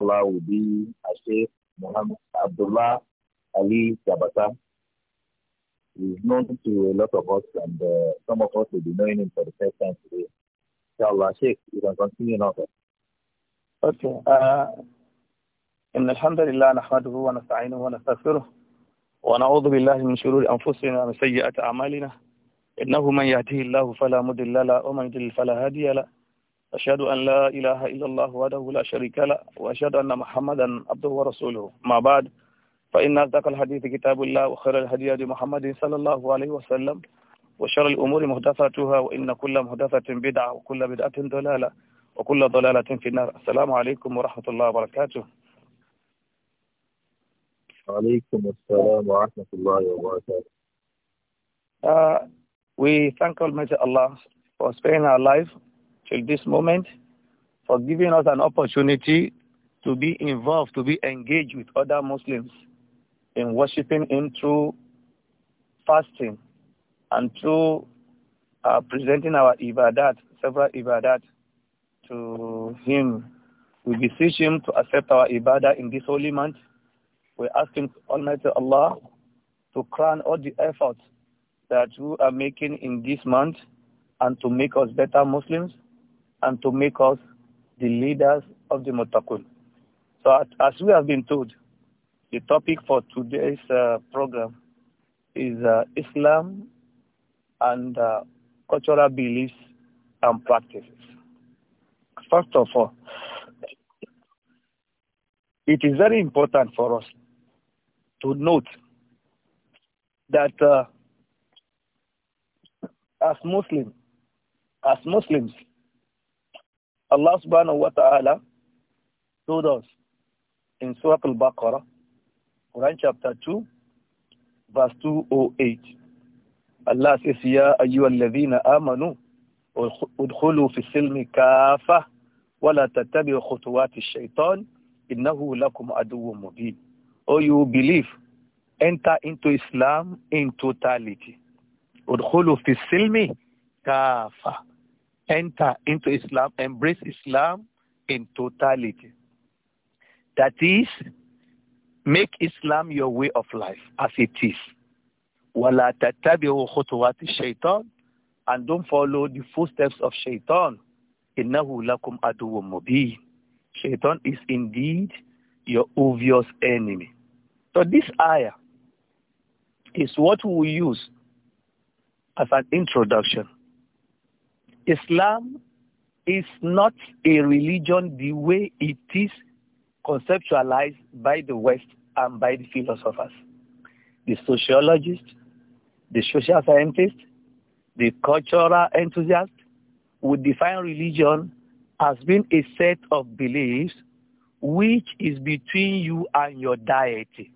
Abdullah will be Ashe Muhammad Abdullah Ali Jabata. He's known to a lot of us, and uh, some of us will be knowing him for the first time today. Inshallah, Sheikh, you can continue now. Sir. Okay. Uh, إن الحمد لله نحمده ونستعينه ونستغفره ونعوذ بالله من شرور أنفسنا ومن سيئات أعمالنا إنه من يهده الله فلا مضل له ومن يضلل فلا هادي له أشهد أن لا إله إلا الله وحده لا شريك له وأشهد أن محمدا عبده ورسوله ما بعد فإن أصدق الحديث كتاب الله وخير الهدي هدي محمد صلى الله عليه وسلم وشر الأمور محدثاتها وإن كل محدثة بدعة وكل بدعة ضلالة وكل ضلالة في النار السلام عليكم ورحمة الله وبركاته عليكم السلام ورحمة الله وبركاته uh, We thank Almighty Allah for sparing our life till this moment for giving us an opportunity to be involved, to be engaged with other Muslims in worshiping Him through fasting and through uh, presenting our ibadat, several ibadat to Him. We beseech Him to accept our ibadah in this holy month. We ask Him, Almighty Allah, to crown all the efforts that we are making in this month and to make us better Muslims and to make us the leaders of the Mutakun. So as we have been told, the topic for today's uh, program is uh, Islam and uh, cultural beliefs and practices. First of all, it is very important for us to note that uh, as Muslims, as Muslims, Allah subhanahu wa ta'ala told us in Surah Al-Baqarah, Quran chapter 2, verse 208. Allah says, Ya ayyuhalladhina amanu, udkhulu fi silmi kafa, wa la tattabi'u khutuwati shaitan, innahu lakum aduwwun mubin. Oh, you believe, enter into Islam in totality. Udkhulu fi silmi kafa. enter into Islam, embrace Islam in totality. That is, make Islam your way of life as it is. وَلَا تَتَّبِعُوا خُطُوَاتِ الشَّيْطَانِ And don't follow the footsteps of shaitan. لَكُمْ مُبِينٌ Shaitan is indeed your obvious enemy. So this ayah is what we use as an introduction Islam is not a religion the way it is conceptualized by the West and by the philosophers, the sociologists, the social scientists, the cultural enthusiasts would define religion as being a set of beliefs which is between you and your deity.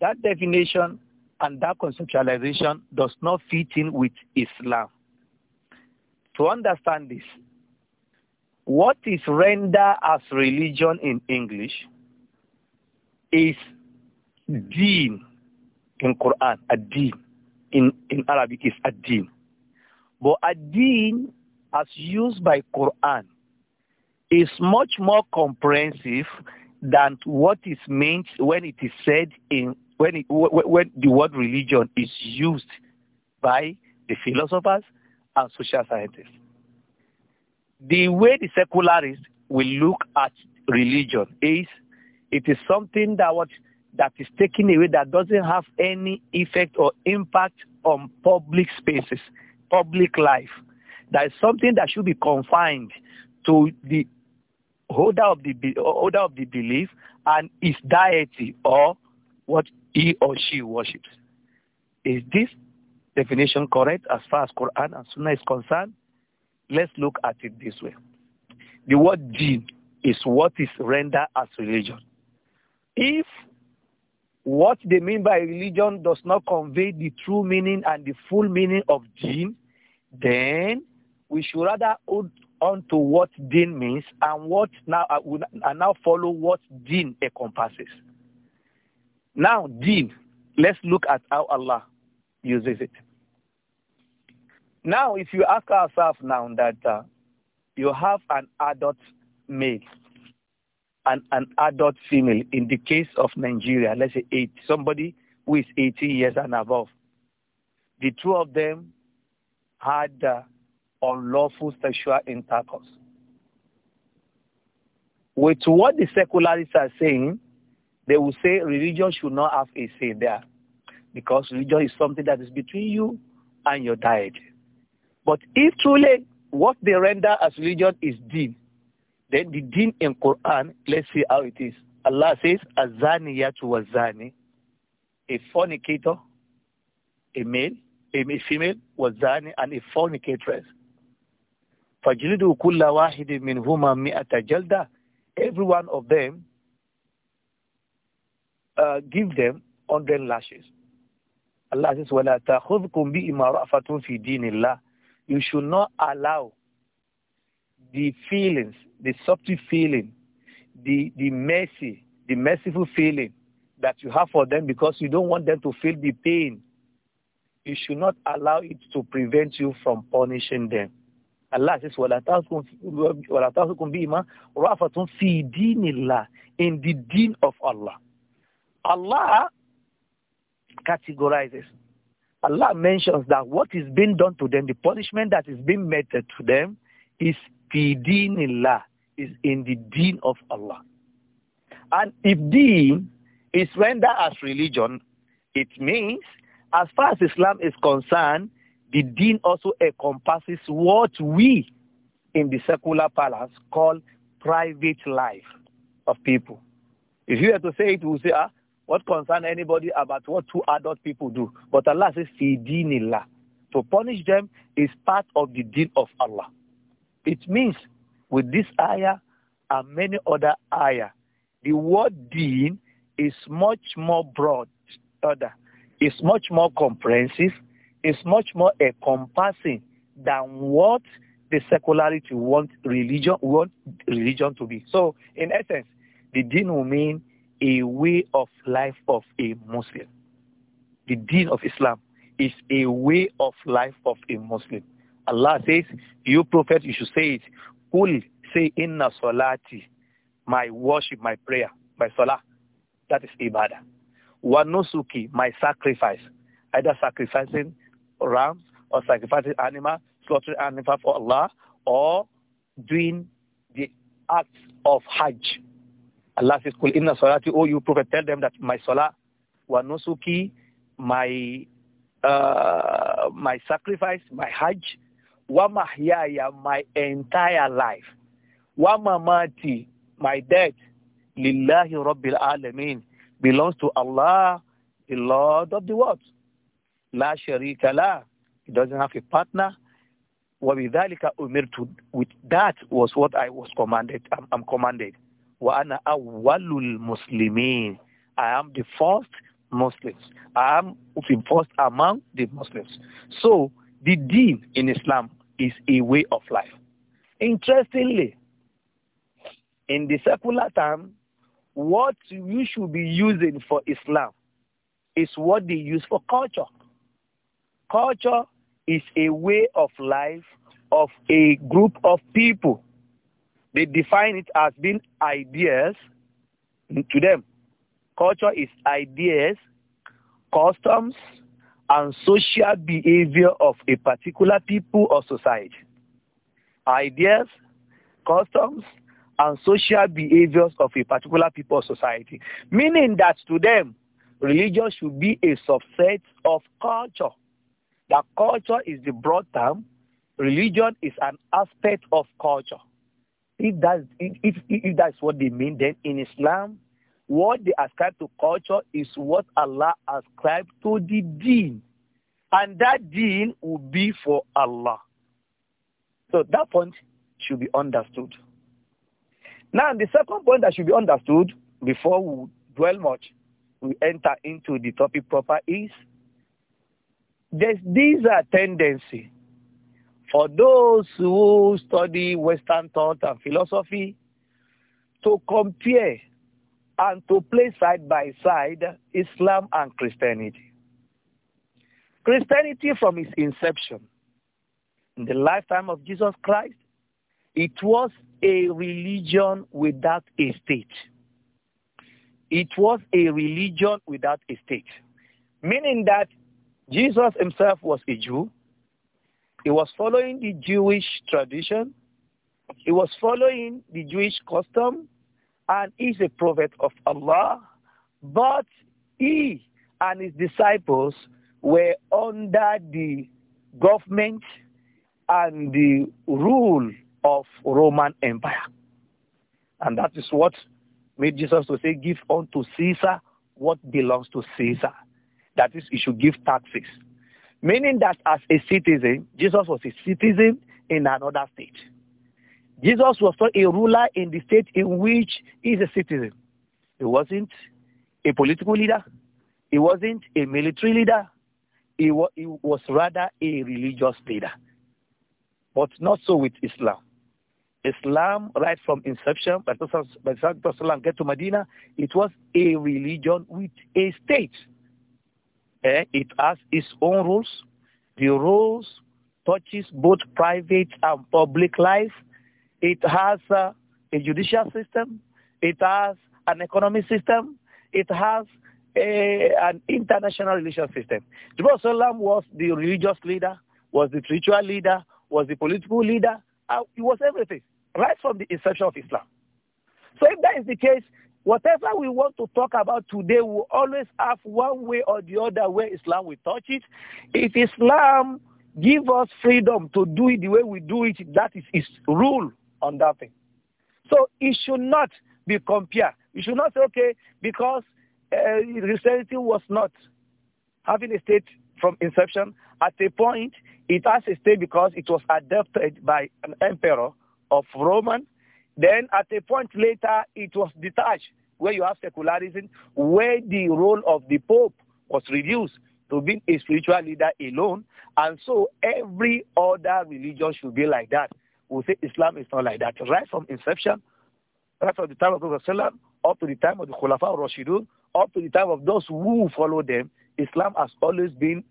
That definition and that conceptualization does not fit in with Islam to understand this, what is render as religion in English is deen in Quran, a deen In, in Arabic is a deen But a deen as used by Quran is much more comprehensive than what is meant when it is said in when, it, when the word religion is used by the philosophers, and social scientists. The way the secularists will look at religion is it is something that what that is taken away that doesn't have any effect or impact on public spaces, public life. That is something that should be confined to the holder of the holder of the belief and his deity or what he or she worships. Is this definition correct as far as Quran and Sunnah is concerned, let's look at it this way. The word deen is what is rendered as religion. If what they mean by religion does not convey the true meaning and the full meaning of deen, then we should rather hold on to what deen means and what now uh, and now follow what deen encompasses. Now, deen, let's look at how Allah uses it. Now, if you ask ourselves now that uh, you have an adult male and an adult female, in the case of Nigeria, let's say eight, somebody who is 18 years and above, the two of them had uh, unlawful sexual intercourse. With what the secularists are saying, they will say religion should not have a say there because religion is something that is between you and your deity. But if truly what they render as religion is deen, then the deen in Quran, let's see how it is. Allah says, "Azaniyat yatu zani, a fornicator, a male, a female, zani, and a fornicatress. فَجْلِدُوا كُلَّ وَاحِدٍ مِّنْهُمَا مِئَةَ جَلْدَةٍ Every one of them, uh, give them 100 lashes. Allah says, وَلَا تَأْخُذْكُمْ بِإِمَا رَأْفَةٌ فِي دِينِ اللَّهِ you should not allow the feelings, the subtle feeling, the, the mercy, the merciful feeling that you have for them because you don't want them to feel the pain. You should not allow it to prevent you from punishing them. Allah says, وَلَا بِمَا رَافَةٌ فِي دِينِ اللَّهِ In the deen of Allah. Allah categorizes Allah mentions that what is being done to them, the punishment that is being meted to them, is fidinillah, is in the deen of Allah. And if deen is rendered as religion, it means, as far as Islam is concerned, the deen also encompasses what we in the secular parlance call private life of people. If you were to say it, we would say, ah, what concern anybody about what two adult people do. But Allah says, Fidinillah. To punish them is part of the deed of Allah. It means with this ayah and many other ayah, the word deen is much more broad, other, is much more comprehensive, is much more encompassing than what the secularity want religion want religion to be. So in essence, the deen will mean a way of life of a Muslim. The deen of Islam is a way of life of a Muslim. Allah says, you prophet, you should say it. Qul, say inna salati, my worship, my prayer, my salah. That is ibadah. Wa nusuki, my sacrifice. Either sacrificing rams or sacrificing animal, slaughtering animal for Allah or doing the acts of Hajj, Allah says, Kul inna salati, you prophet, tell them that my salah, wa nusuki, my, uh, my sacrifice, my hajj, wa mahyaya, my entire life, wa mamati, my death, lillahi rabbil belongs to Allah, the Lord of the world. La sharika la, he doesn't have a partner. وَبِذَلِكَ أُمِرْتُ With that was what I was commanded, I'm, I'm commanded wa ana awwalul muslimin. I am the first Muslims. I am the first among the Muslims. So the deen in Islam is a way of life. Interestingly, in the secular time, what you should be using for Islam is what they use for culture. Culture is a way of life of a group of people. They define it as being ideas to them. Culture is ideas, customs, and social behavior of a particular people or society. Ideas, customs, and social behaviors of a particular people or society. Meaning that to them, religion should be a subset of culture. That culture is the broad term. Religion is an aspect of culture. if that's if, if that's what they mean, then in Islam, what they ascribe to culture is what Allah ascribed to the deen. And that deen will be for Allah. So that point should be understood. Now, the second point that should be understood before we dwell much, we enter into the topic proper is there's these are uh, tendency for those who study Western thought and philosophy, to compare and to place side by side Islam and Christianity. Christianity from its inception, in the lifetime of Jesus Christ, it was a religion without a state. It was a religion without a state, meaning that Jesus himself was a Jew, He was following the Jewish tradition. He was following the Jewish custom. And he's a prophet of Allah. But he and his disciples were under the government and the rule of Roman Empire. And that is what made Jesus to say, give unto Caesar what belongs to Caesar. That is, he should give taxes. Meaning that as a citizen, Jesus was a citizen in another state. Jesus was not a ruler in the state in which he is a citizen. He wasn't a political leader. He wasn't a military leader. He, wa he was rather a religious leader. But not so with Islam. Islam, right from inception, by the Prophet get to Medina, it was a religion with a state. Eh, it has its own rules. The rules touches both private and public life. It has uh, a judicial system. It has an economic system. It has a, eh, an international relations system. Jerusalem was the religious leader, was the spiritual leader, was the political leader. Uh, he was everything, right from the inception of Islam. So if that is the case, Whatever we want to talk about today we always have one way or the other where Islam will touch it. If Islam give us freedom to do it the way we do it, that is its rule on that thing. So it should not be compared. You should not say, okay, because uh, Christianity was not having a state from inception. At a point, it has a state because it was adopted by an emperor of Roman then at a point later, it was detached, where you have secularism, where the role of the Pope was reduced to being a spiritual leader alone. And so every other religion should be like that. We say Islam is not like that. Right from inception, right from the time of Prophet up to the time of the Khulafa Rashidun, up to the time of those who follow them, Islam has always been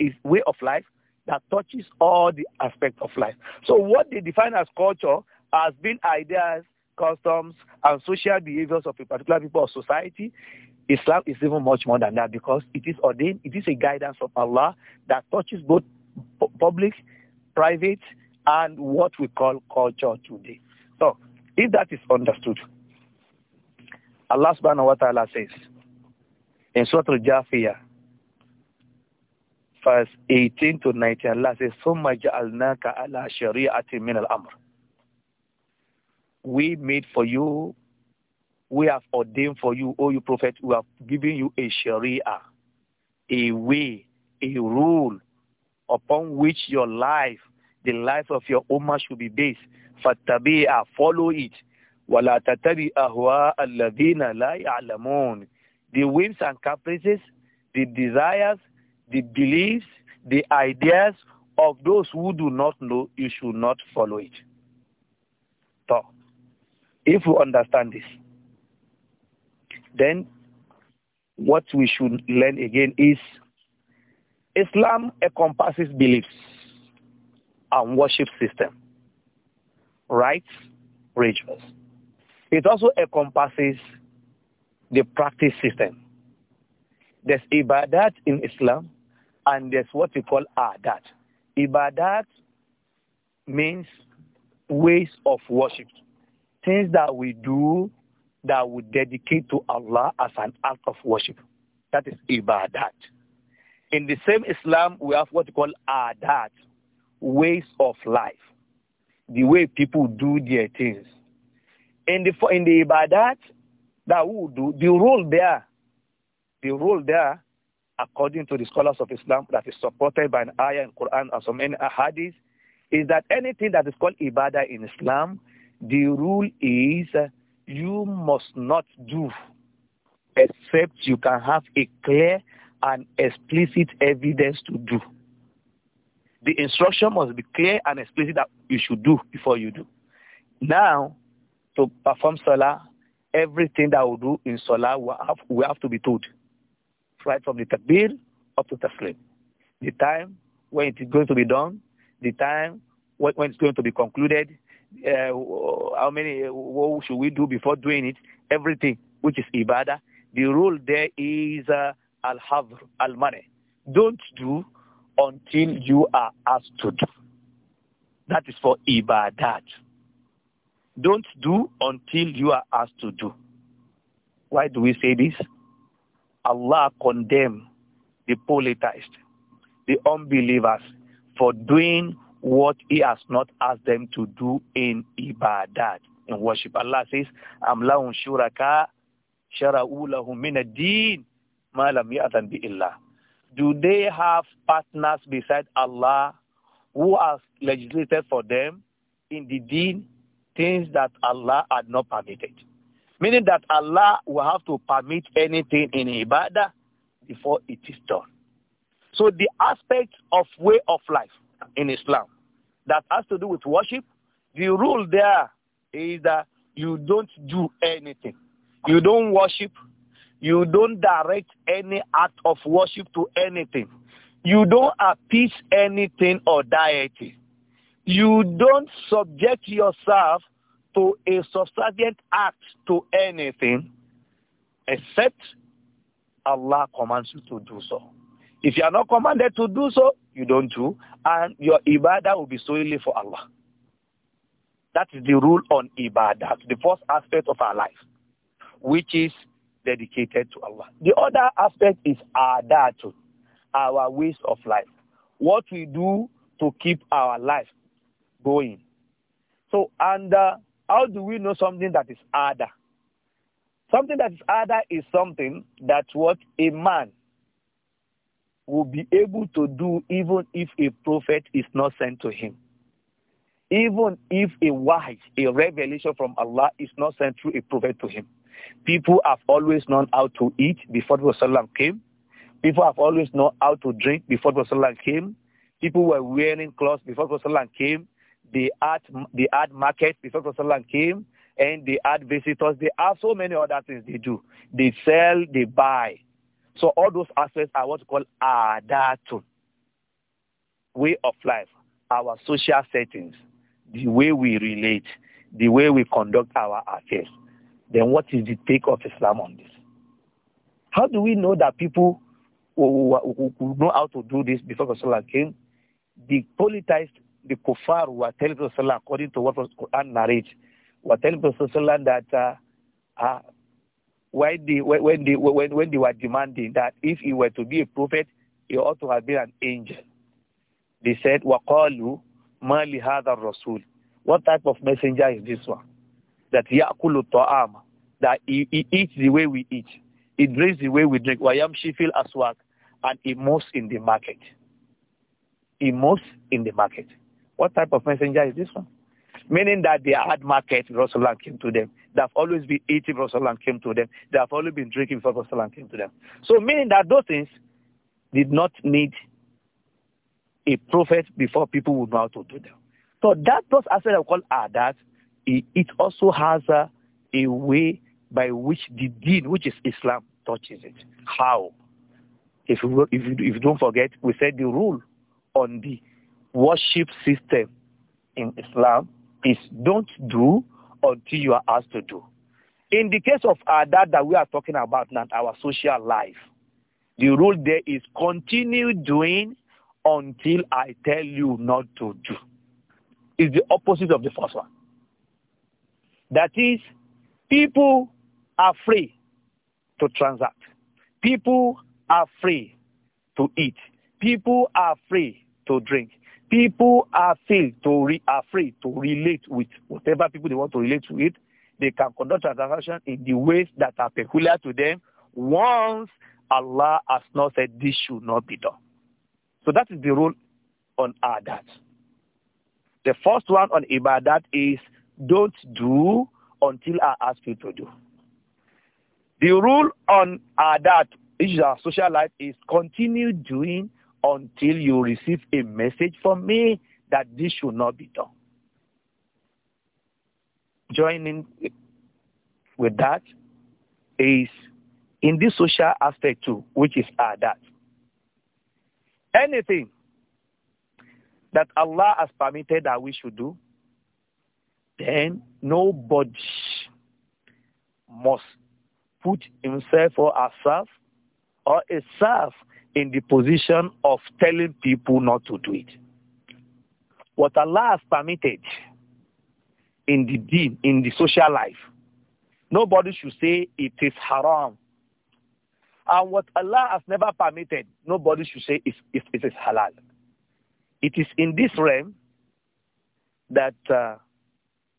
a way of life that touches all the aspects of life. So what they define as culture has been ideas, customs, and social behaviors of a particular people or society, Islam is even much more than that because it is ordained, it is a guidance of Allah that touches both public, private, and what we call culture today. So, if that is understood, Allah subhanahu wa ta'ala says in Surah Al-Jafiyah, verse 18 to 19, Allah says, ثُمَّ جَعَلْنَاكَ عَلَى شَرِيعَةٍ we made for you, we have ordained for you, O you prophet, we have given you a sharia, a way, a rule upon which your life, the life of your ummah should be based. Fattabi'a, follow it. وَلَا تَتَبِعْ أَهْوَاءَ الَّذِينَ لَا يَعْلَمُونَ The whims and caprices, the desires, the beliefs, the ideas of those who do not know, you should not follow it. So, if we understand this, then what we should learn again is Islam encompasses beliefs and worship system, rites, rituals. It also encompasses the practice system. There's ibadat in Islam and there's what we call adat. Ibadat means ways of worship things that we do that we dedicate to Allah as an act of worship. That is ibadat. In the same Islam, we have what we call adat, ways of life, the way people do their things. In the, in the ibadat that we do, the role there, the role there, according to the scholars of Islam, that is supported by an ayah in Quran and some many Hadith, is that anything that is called ibadah in Islam the rule is you must not do except you can have a clear and explicit evidence to do. The instruction must be clear and explicit that you should do before you do. Now, to perform Salah, everything that we do in Salah we have, we have to be told. Right from the Takbir up to Taslim. The time when it is going to be done, the time when it's going to be concluded, uh, how many, what should we do before doing it? Everything, which is ibadah. The rule there is uh, al-havr, al-mane. Don't do until you are asked to do. That is for ibadat. Don't do until you are asked to do. Why do we say this? Allah condemn the polytheists, the unbelievers for doing what he has not asked them to do in ibadat, in worship. Allah says, Am lahum shuraka shara'u lahum min ad-din ma lam ya'zan bi-illah. Do they have partners beside Allah who has legislated for them in the deen things that Allah had not permitted? Meaning that Allah will have to permit anything in ibadah before it is done. So the aspect of way of life, in Islam that has to do with worship, the rule there is that you don't do anything. You don't worship. You don't direct any act of worship to anything. You don't appease anything or deity. You don't subject yourself to a subservient act to anything except Allah commands you to do so. If you are not commanded to do so, you don't do and your ibadah will be solely for Allah. That is the rule on ibadah, the first aspect of our life, which is dedicated to Allah. The other aspect is adatu, our ways of life, what we do to keep our life going. So, and uh, how do we know something that is ada? Something that is ada is something that what a man will be able to do even if a prophet is not sent to him. Even if a wise, a revelation from Allah is not sent through a prophet to him. People have always known how to eat before the Prophet came. People have always known how to drink before the Prophet came. People were wearing clothes before the Prophet came. They had, they had markets before the Prophet came. And they had visitors. They have so many other things they do. They sell, they buy. So all those aspects are what we call adatun, way of life, our social settings, the way we relate, the way we conduct our affairs. Then what is the take of Islam on this? How do we know that people who, who, who know how to do this before Rasulullah came? The politicized, the kuffar who were telling Rasulullah, according to what Quran narrates, were telling Rasulullah that uh, uh, when they when they when, when they were demanding that if he were to be a prophet, he ought to have been an angel. They said, Waqalu ma li rasul. What type of messenger is this one? That ya'kulu ta'am, that he, he eats the way we eat, he drinks the way we drink. Wayam shifil aswak, and he moves in the market. He moves in the market. What type of messenger is this one? meaning that they had market Rosalind came to them. They have always been eating Rosalind came to them. They have always been drinking before Rosalind came to them. So meaning that those things did not need a prophet before people would know how to do them. So that those aspects of call are that it, it also has a, a way by which the deed, which is Islam, touches it. How? If you, if, you, if you don't forget, we said the rule on the worship system in Islam is don't do until you are asked to do. In the case of our that that we are talking about now, our social life, the rule there is continue doing until I tell you not to do. It's the opposite of the first one. That is, people are free to transact. People are free to eat. People are free to drink people are failed to re, afraid to relate with whatever people they want to relate with. They can conduct transaction in the ways that are peculiar to them once Allah has not said this should not be done. So that is the rule on Adat. The first one on Ibadat is don't do until I ask you to do. The rule on Adat, which is our social life, is continue doing until you receive a message from me that this should not be done. Joining with that is in this social aspect too, which is that. Anything that Allah has permitted that we should do, then nobody must put himself or herself or itself in the position of telling people not to do it. What Allah has permitted in the deen, in the social life, nobody should say it is haram. And what Allah has never permitted, nobody should say it, it, it is halal. It is in this realm that uh,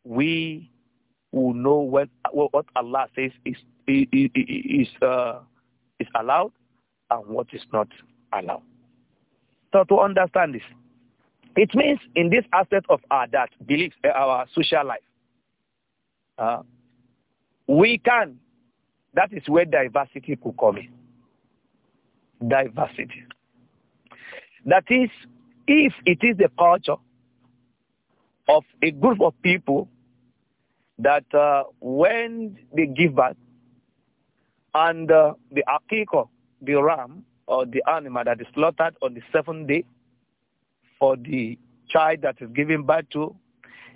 we will know what Allah says is, is, is, uh, is allowed and what is not allowed. So to understand this, it means in this aspect of our that beliefs, eh, our social life, uh, we can. That is where diversity could come in. Diversity. That is, if it is the culture of a group of people that uh, when they give birth and uh, the akiko the ram or the animal that is slaughtered on the seventh day for the child that is given birth to,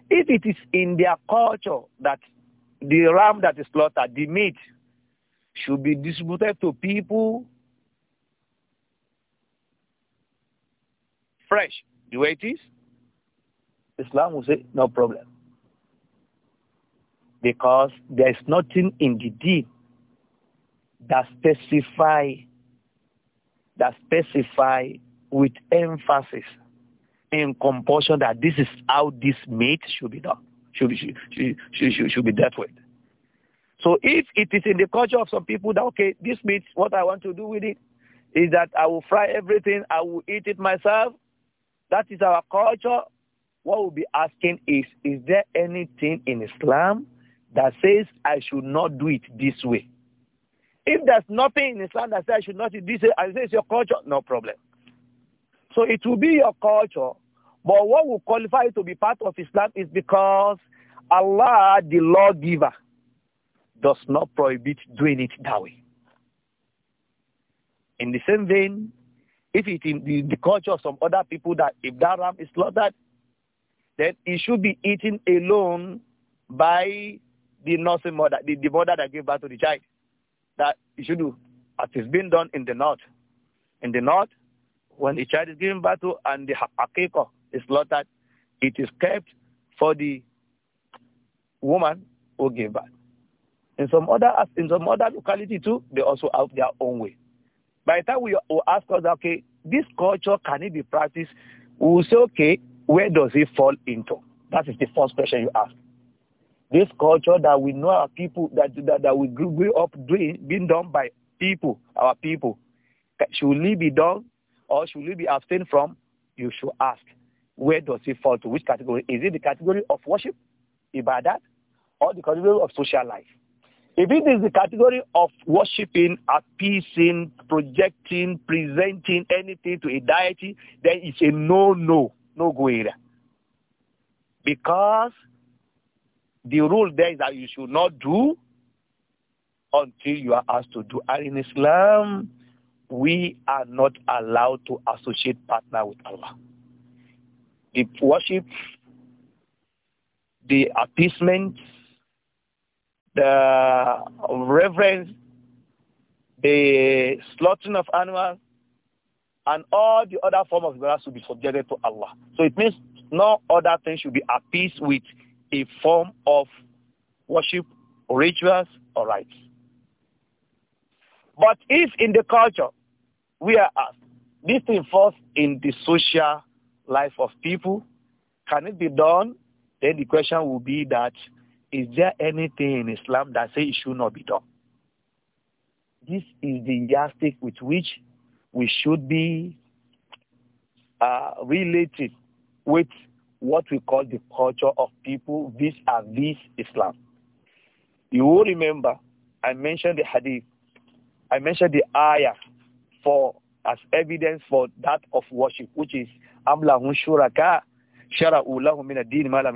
if it is in their culture that the ram that is slaughtered, the meat, should be distributed to people fresh, the way it is, Islam will say, no problem. Because there is nothing in the deed that specifies that specify with emphasis in compulsion that this is how this meat should be done, should be, should, should, should, should be dealt with. So if it is in the culture of some people that, okay, this meat, what I want to do with it is that I will fry everything, I will eat it myself, that is our culture, what we'll be asking is, is there anything in Islam that says I should not do it this way? If there's nothing in Islam that says I should not eat this, I say it's your culture, no problem. So it will be your culture. But what will qualify to be part of Islam is because Allah, the lawgiver, does not prohibit doing it that way. In the same vein, if it in the, the culture of some other people that if that ram is slaughtered, then it should be eaten alone by the nursing mother, the, the mother that gave birth to the child. that you should do as is being done in the north. In the north, when a child is given birth and the akiko is slaughtered, it is kept for the woman who gave birth. In some other in some other locality too, they also have their own way. By the time we ask us, okay, this culture can it be practiced? We will say, okay, where does it fall into? That is the first question you ask. This culture that we know our people, that, that, that we grew, up doing, being done by people, our people, should it be done or should it be abstained from? You should ask, where does it fall to? Which category? Is it the category of worship, ibadat, or the category of social life? If it is the category of worshiping, appeasing, projecting, presenting anything to a deity, then it's a no-no, no-go area. Because the rule there is that you should not do until you are asked to do. And in Islam, we are not allowed to associate partner with Allah. The worship, the appeasement, the reverence, the slaughtering of animals, and all the other forms of ibadah should be subjected to Allah. So it means no other thing should be appeased with a form of worship, rituals, or rites. But if in the culture we are asked, this thing falls in the social life of people, can it be done? Then the question will be that, is there anything in Islam that says it should not be done? This is the yardstick with which we should be uh, related with what we call the culture of people vis-a-vis Islam. You will remember I mentioned the hadith. I mentioned the ayah for as evidence for that of worship, which is amlahun shuraka shara'u lahum din ma lam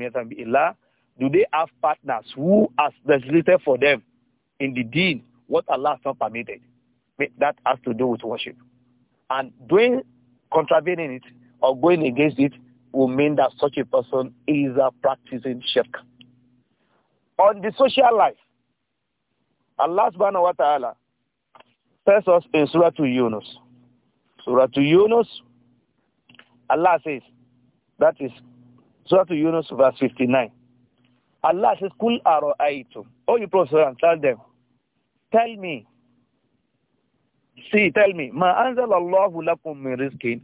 Do they have partners who has legislated for them in the deen what Allah has not permitted? That has to do with worship. And doing contravening it or going against it will mean that such a person is a practicing shirk. On the social life, Allah subhanahu wa ta'ala tells us in Surah to Yunus. Surah to Yunus, Allah says, that is Surah to Yunus verse 59. Allah says, Kul ara'aytum. Oh, you Prophet, tell them, tell me, see, tell me, ma anzal Allahu lakum min rizqin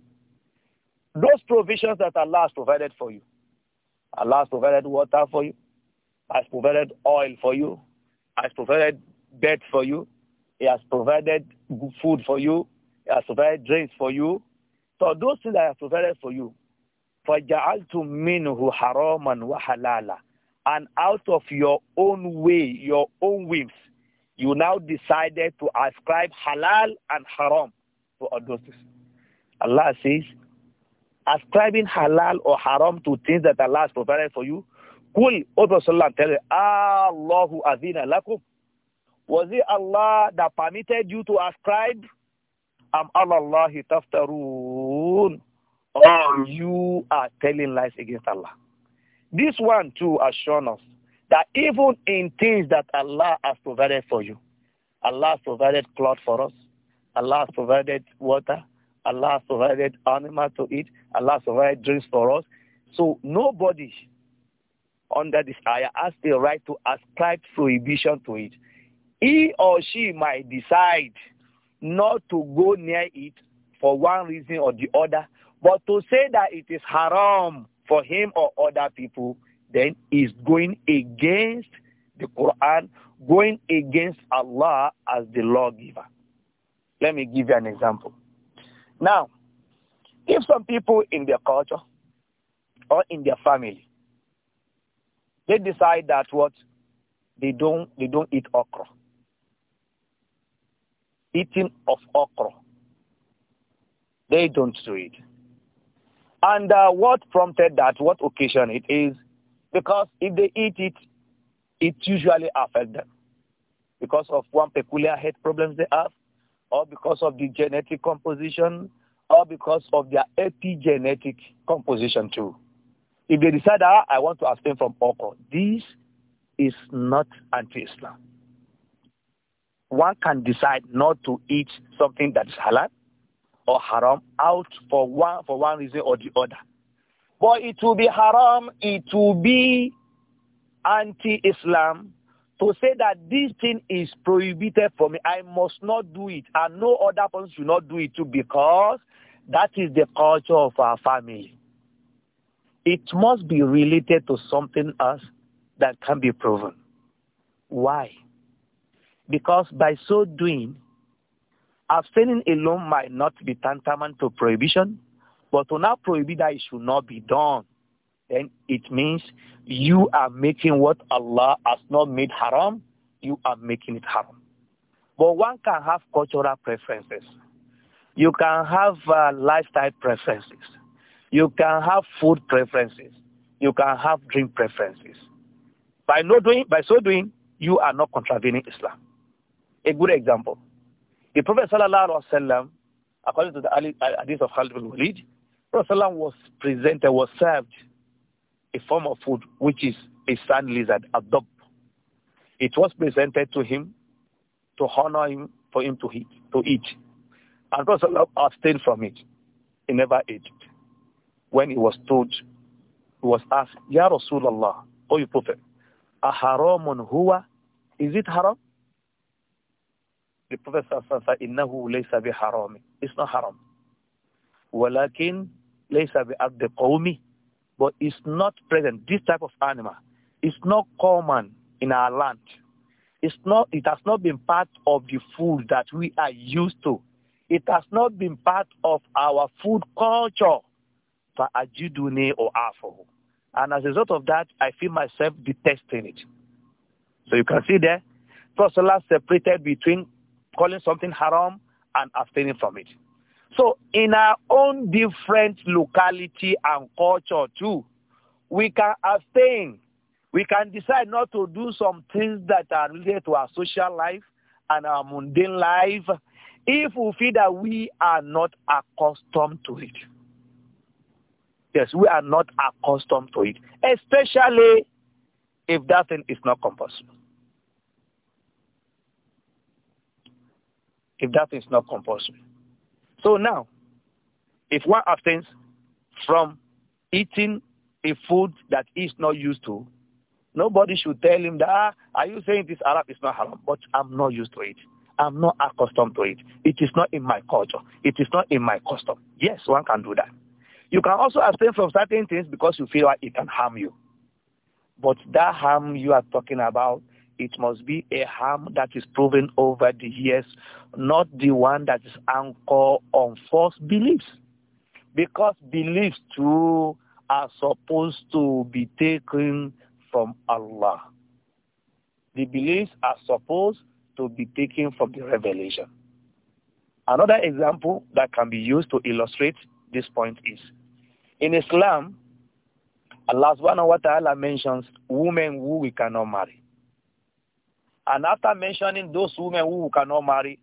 those provisions that Allah has provided for you. Allah has provided water for you. Has provided oil for you. Has provided bed for you. He has provided food for you. He has provided drinks for you. So those things that I have provided for you, فَجَعَلْتُم مِّنْهُ haraman wa halala. And out of your own way, your own whims, you now decided to ascribe halal and haram to all those things. Allah says, ascribing halal or haram to things that Allah has provided for you. Qul, O Prophet tell Allahu azina lakum. Was it Allah that permitted you to ascribe? Am Allah taftarun. Oh, you are telling lies against Allah. This one too has shown us that even in things that Allah has provided for you, Allah has provided cloth for us, Allah has provided water, Allah has provided animal to eat, Allah provides dreams for us. So nobody under this ayah has the right to ascribe prohibition to it. He or she might decide not to go near it for one reason or the other, but to say that it is haram for him or other people, then is going against the Quran, going against Allah as the lawgiver. Let me give you an example. Now, If some people in their culture or in their family, they decide that what they don't they don't eat okra. Eating of okra, they don't do it. And uh, what prompted that? What occasion it is? Because if they eat it, it usually affects them because of one peculiar health problems they have, or because of the genetic composition or because of their epigenetic composition too. If they decide, ah, I want to abstain from alcohol, this is not anti-Islam. One can decide not to eat something that is halal or haram out for one, for one reason or the other. But it will be haram, it will be anti-Islam to say that this thing is prohibited for me. I must not do it and no other person should not do it too because that is the culture of our family. It must be related to something else that can be proven. Why? Because by so doing, abstaining alone might not be tantamount to prohibition, but to not prohibit that it should not be done, then it means you are making what Allah has not made haram, you are making it haram. But one can have cultural preferences. You can have uh, lifestyle preferences. You can have food preferences. You can have drink preferences. By not doing, by so doing, you are not contravening Islam. A good example. The Prophet sallallahu alaihi wasallam, according to the uh, hadith of Khalid bin Walid, Prophet was presented, was served a form of food which is a sand lizard, a dog. It was presented to him to honor him for him To eat. And Prophet abstained from it. He never ate it. When he was told, he was asked, Ya Rasulallah, O you Prophet, a huwa, is it haram? The Prophet said, Innahu laysa bi harami. It's not haram. Walakin laysa bi abdi qawmi. But it's not present. This type of animal is not common in our land. It's not, it has not been part of the food that we are used to it has not been part of our food culture for ajidune or Afro. And as a result of that, I feel myself detesting it. So you can see there, Prophet separated between calling something haram and abstaining from it. So in our own different locality and culture too, we can abstain. We can decide not to do some things that are related to our social life and our mundane life if we feel that we are not accustomed to it. Yes, we are not accustomed to it, especially if that thing is not compulsory. If that is not compulsory. So now, if one abstains from eating a food that is not used to, nobody should tell him that, ah, are you saying this Arab is not haram? But I'm not used to it. I'm not accustomed to it. It is not in my culture. It is not in my custom. Yes, one can do that. You can also abstain from certain things because you feel like it can harm you. But that harm you are talking about, it must be a harm that is proven over the years, not the one that is anchored on false beliefs. Because beliefs too are supposed to be taken from Allah. The beliefs are supposed to be taken from the revelation. Another example that can be used to illustrate this point is, in Islam, Allah subhanahu wa ta'ala mentions women who we cannot marry. And after mentioning those women who we cannot marry,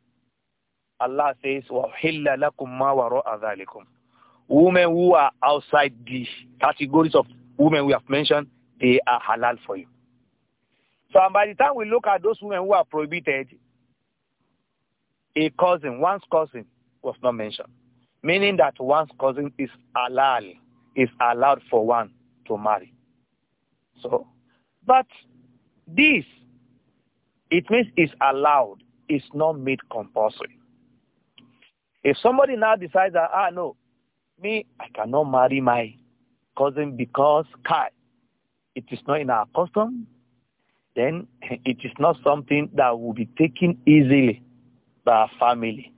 Allah says, وَحِلَّ لَكُمْ مَا وَرَاءَ ذَلِكُمْ Women who are outside the categories of women we have mentioned, they are halal for you. So and by the time we look at those women who are prohibited, a cousin, one's cousin was not mentioned, meaning that one's cousin is allowed, is allowed for one to marry. So, but this, it means it's allowed, it's not made compulsory. If somebody now decides that, ah, no, me, I cannot marry my cousin because, Kai, it is not in our custom, then it is not something that will be taken easily by a family.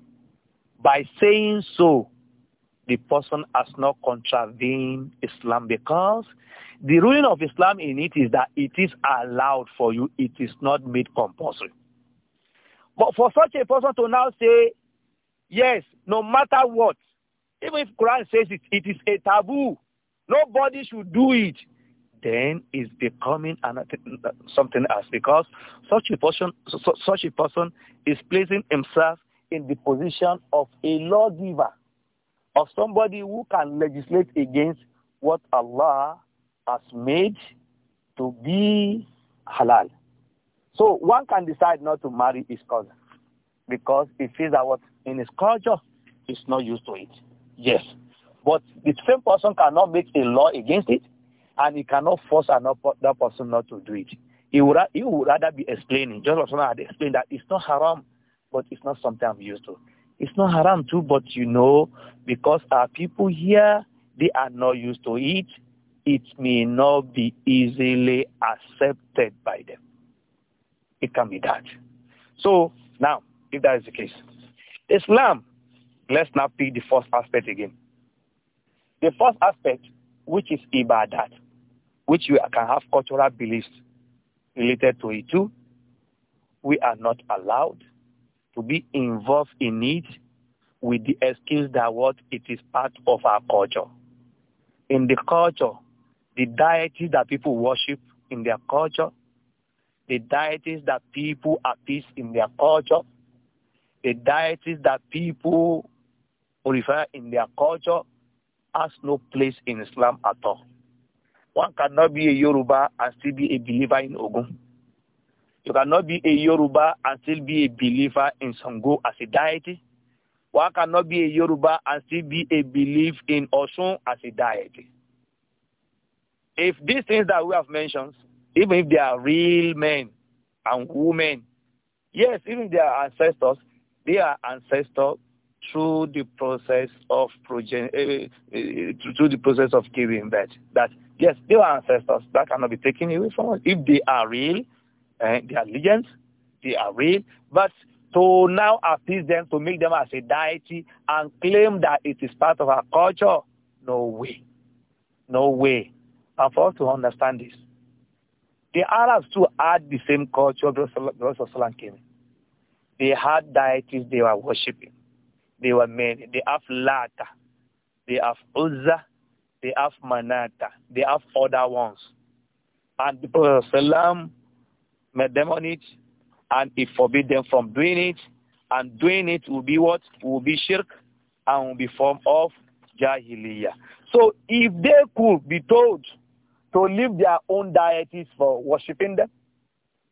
By saying so, the person has not contravened Islam because the ruling of Islam in it is that it is allowed for you, it is not made compulsory. But for such a person to now say, yes, no matter what, even if Quran says it, it is a taboo, nobody should do it, then is becoming something else because such a person, such a person is placing himself in the position of a lawgiver, of somebody who can legislate against what Allah has made to be halal. So one can decide not to marry his cousin because he feels that what in his culture is not used to it. Yes. But the same person cannot make a law against it and he cannot force another that person not to do it. He would, he would rather be explaining, just as had explained that it's not haram, but it's not something I'm used to. It's not haram too, but you know, because our people here, they are not used to it, it may not be easily accepted by them. It can be that. So now, if that is the case, Islam, let's now pick the first aspect again. The first aspect, which is ibadat, which we can have cultural beliefs related to it too. We are not allowed to be involved in it with the excuse that what it is part of our culture. In the culture, the deities that people worship in their culture, the deities that people appease in their culture, the deities that people refer in their culture has no place in Islam at all. One cannot be a Yoruba and still be a believer in Ogun. You cannot be a Yoruba and still be a believer in Sango as a deity. One cannot be a Yoruba and still be a belief in Osun as a deity. If these things that we have mentioned, even if they are real men and women, yes, even if they are ancestors, they are ancestors through the process of progen- uh, uh, through the process of giving birth. That Yes, they were ancestors. That cannot be taken away from us. If they are real, eh, they are legends, they are real. But to now appease them, to make them as a deity and claim that it is part of our culture, no way. No way. And for us to understand this, the Arabs too had the same culture Jerusalem came in. They had deities they were worshipping. They were many. They have Lata. They have Uzza. they have Manata, they have other ones. And the Prophet Sallam made them on it, and he forbid them from doing it, and doing it will be what? Will be shirk, and will be form of jahiliyyah. So if they could be told to leave their own deities for worshipping them,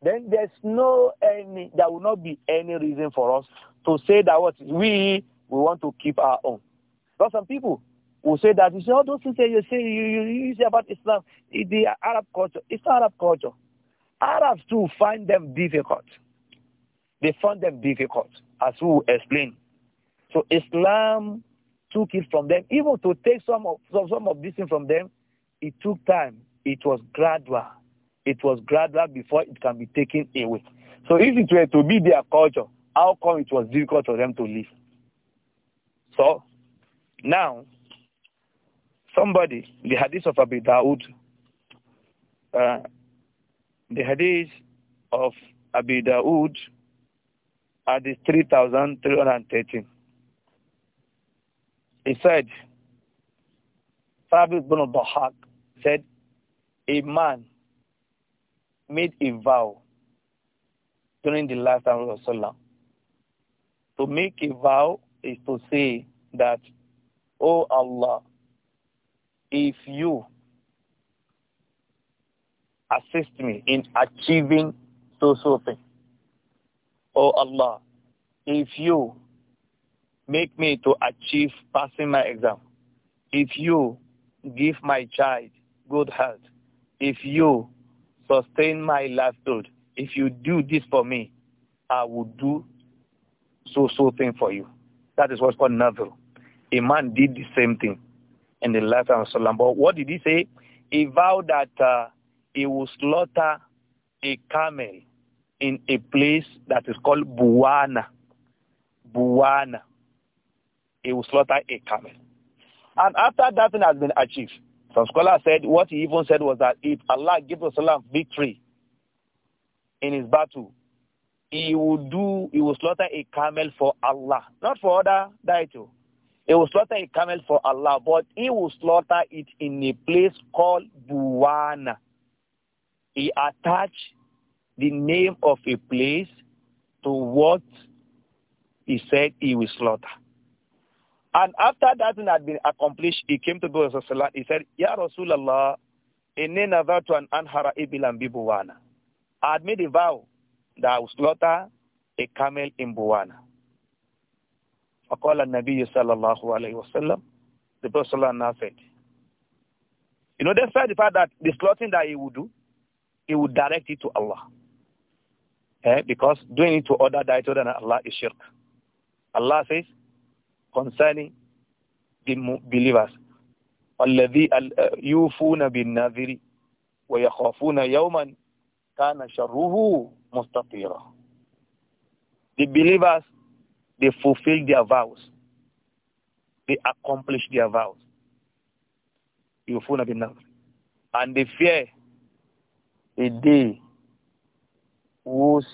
then there's no any, there will not be any reason for us to say that what we, we want to keep our own. But some people, will say that you say all those things that you say you, you, you say about Islam, the Arab culture, it's not Arab culture. Arabs too find them difficult. They find them difficult, as we will explain. So Islam took it from them. Even to take some of some, some of this thing from them, it took time. It was gradual. It was gradual before it can be taken away. So if it were to be their culture, how come it was difficult for them to leave? So now somebody, the hadith of Abu Dawood, uh, the hadith of Abu Dawood at the 3,313. He said, Thabit bin al said, a man made a vow during the last time of Salah. To make a vow is to say that, O oh Allah, if you assist me in achieving so so thing. Oh Allah, if you make me to achieve passing my exam, if you give my child good health, if you sustain my livelihood, if you do this for me, I will do so so thing for you. That is what's called nazar. A man did the same thing in the lifetime of Solomon. But what did he say? He vowed that uh, he would slaughter a camel in a place that is called Buwana. Buwana. He will slaughter a camel. And after that thing has been achieved, some scholars said what he even said was that if Allah gives Solomon victory in his battle, he will do, he will slaughter a camel for Allah, not for other deity. He will slaughter a camel for Allah, but he will slaughter it in a place called Buwana. He attached the name of a place to what he said he will slaughter. And after that thing had been accomplished, he came to Prophet Sallallahu He said, Ya Rasulallah, an anhara bi I had made a vow that I will slaughter a camel in Buwana. فقال النبي صلى الله عليه وسلم, the Prophet now said, you know, despite the fact that the slaughtering that he would do, he would direct it to Allah. Eh? Because doing it to other deity than Allah is shirk. Allah says, concerning the believers, الذي uh, يوفون بالنذر ويخافون يوما كان شره مستطيرا. The believers They fulfill their vows. They accomplish their vows. You will not enough. And they fear a day whose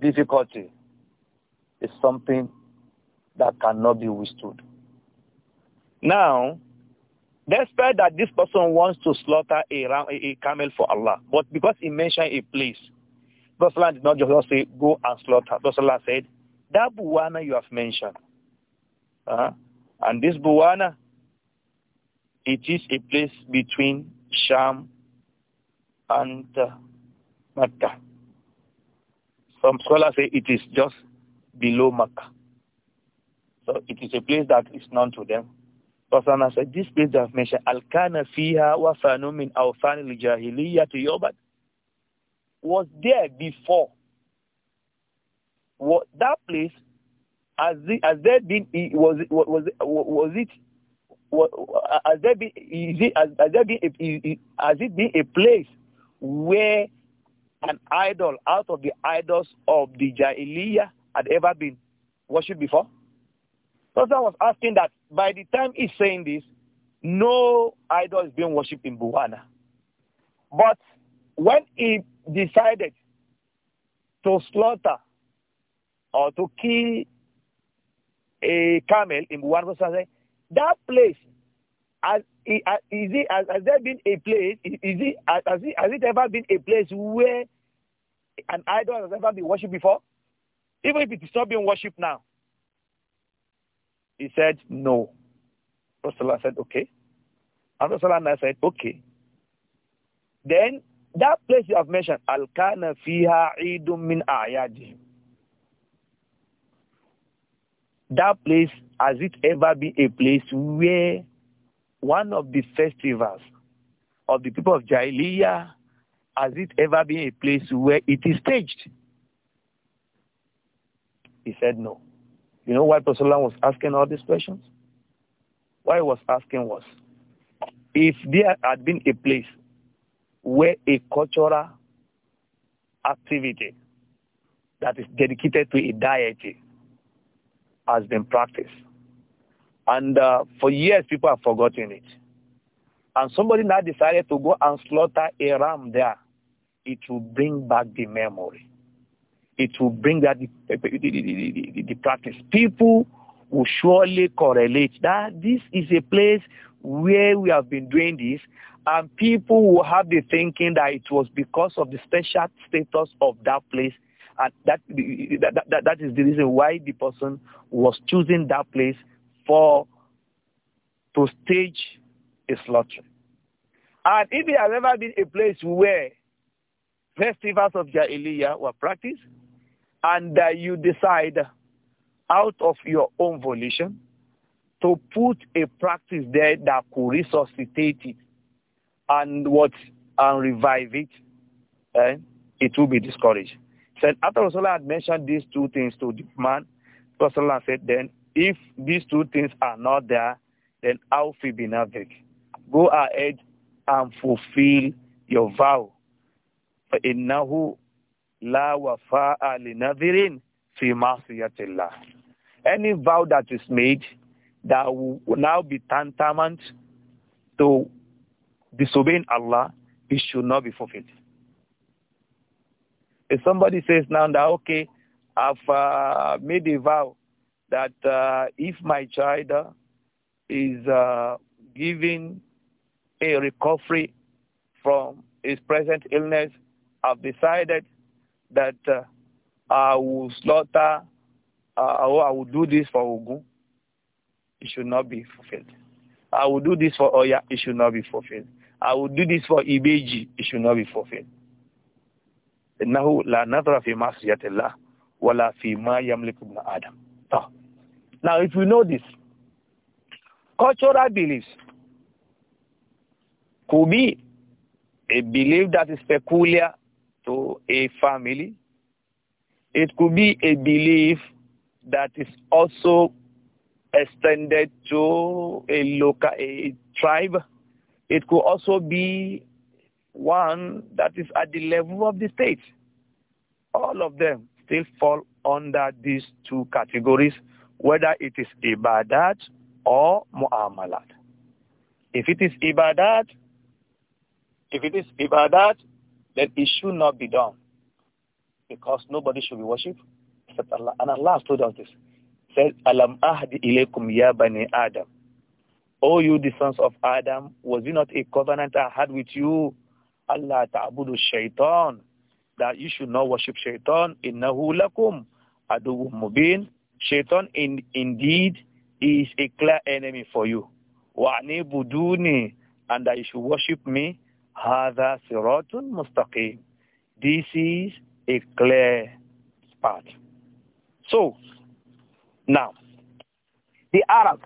difficulty is something that cannot be withstood. Now, despite that this person wants to slaughter a, ram, a camel for Allah, but because he mentioned a place, Rasulullah did not just say, go and slaughter. Rasulullah said, that buwana you have mentioned, uh and this buwana, it is a place between Sham and uh, Mecca. Some scholars say it is just below Makkah. So it is a place that is known to them. Rasulullah said, this place I've mentioned, Al-Kana fiha wa fanun min awfan al-jahiliyyah yubat was there before. What, that place, has, it, has there been, was it, was it, was it has there been is it has, has there been a, has it been a place where an idol out of the idols of the Jahiliyyah had ever been worshipped before? I was asking that by the time he's saying this, no idol is being worshipped in Buwana. But when he decided to slaughter or to kill a camel in Buwan that place, has, is it, has, has there been a place, is it, has, it, has it ever been a place where an idol has ever been worshipped before? Even if it is not being worshipped now. He said, no. Rasulullah said, okay. And Rasulullah said, okay. Then that place you have mentioned, Al Kana fiha idum min ayadi. That place, has it ever been a place where one of the festivals of the people of Jailia, has it ever been a place where it is staged? He said no. You know why Prophet was asking all these questions? Why he was asking was, if there had been a place where a cultural activity that is dedicated to a deity has been practiced. And uh, for years, people have forgotten it. And somebody now decided to go and slaughter a ram there. It will bring back the memory. It will bring that the, the, the, the practice. People will surely correlate that this is a place where we have been doing this And people will have the thinking that it was because of the special status of that place. And that, that, that, that is the reason why the person was choosing that place for to stage a slaughter. And if there has ever been a place where festivals of Jahiliyyah were practiced, and you decide out of your own volition to put a practice there that could resuscitate it, and what and revive it, eh, it will be discouraged. Said after Rasulullah had mentioned these two things to the man, Rasulullah said, then if these two things are not there, then will be Avik, go ahead and fulfill your vow. فإنه لا وفاء لنذر Fi معصية Any vow that is made that will now be tantamount to disobeying Allah, it should not be fulfilled. If somebody says now that, okay, I've uh, made a vow that uh, if my child is uh, given a recovery from his present illness, I've decided that uh, I will slaughter uh, or I will do this for Ugu. It should not be fulfilled. I will do this for Oya. It should not be fulfilled. I will do this for Ibeji, it should not be fulfilled. Now, la نظر في معصية الله ولا في ما يملك ابن آدم. Now, if you know this, cultural beliefs could be a belief that is peculiar to a family. It could be a belief that is also extended to a local, a tribe. It could also be one that is at the level of the state. All of them still fall under these two categories, whether it is ibadat or mu'amalat. If it is ibadat, if it is ibadat, then it should not be done because nobody should be worshipped except Allah. And Allah told us this. He said, Alam ahdi ilaykum ya bani Adam. O you the sons of Adam, was it not a covenant I had with you? Allah ta'budu shaitan, that you should not worship shaitan. Innahu lakum aduwwum mubin. Shaitan in, indeed is a clear enemy for you. Wa'ni buduni, and that you should worship me. Hada siratun mustaqim. This is a clear path. So, now, the Arabs,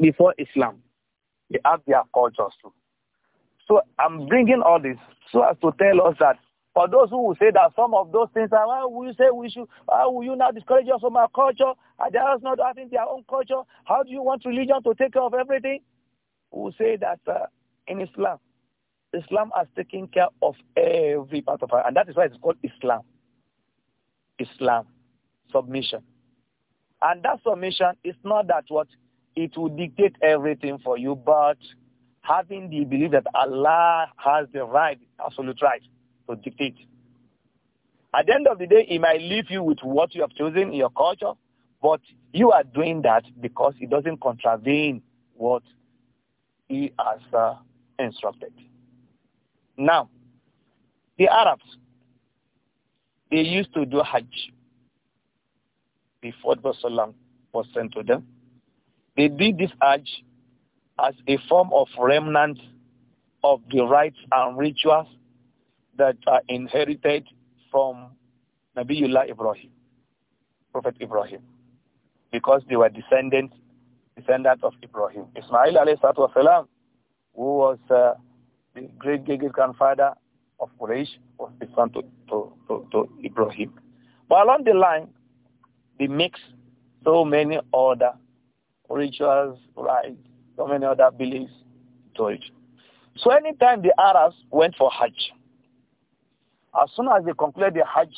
before Islam. They have their cultures too. So I'm bringing all this so as to tell us that for those who will say that some of those things are, why will you say we should, why will you now discourage us from our culture? Are they us not having their own culture? How do you want religion to take care of everything? We will say that uh, in Islam, Islam has taken care of every part of our, and that is why it's called Islam. Islam, submission. And that submission is not that what it will dictate everything for you. But having the belief that Allah has the right, absolute right, to dictate. At the end of the day, it might leave you with what you have chosen in your culture, but you are doing that because it doesn't contravene what he has uh, instructed. Now, the Arabs, they used to do Hajj before the Prophet was sent to them. They did this Hajj as a form of remnant of the rites and rituals that are inherited from Nabiullah Ibrahim, Prophet Ibrahim, because they were descendants, descendants of Ibrahim. Ismail alayhi salatu who was uh, the great great grandfather of Quraysh, was the son to, to, to, to Ibrahim. But along the line, they mix so many other rituals, right, so many other beliefs to it. So anytime the Arabs went for Hajj, as soon as they concluded the Hajj,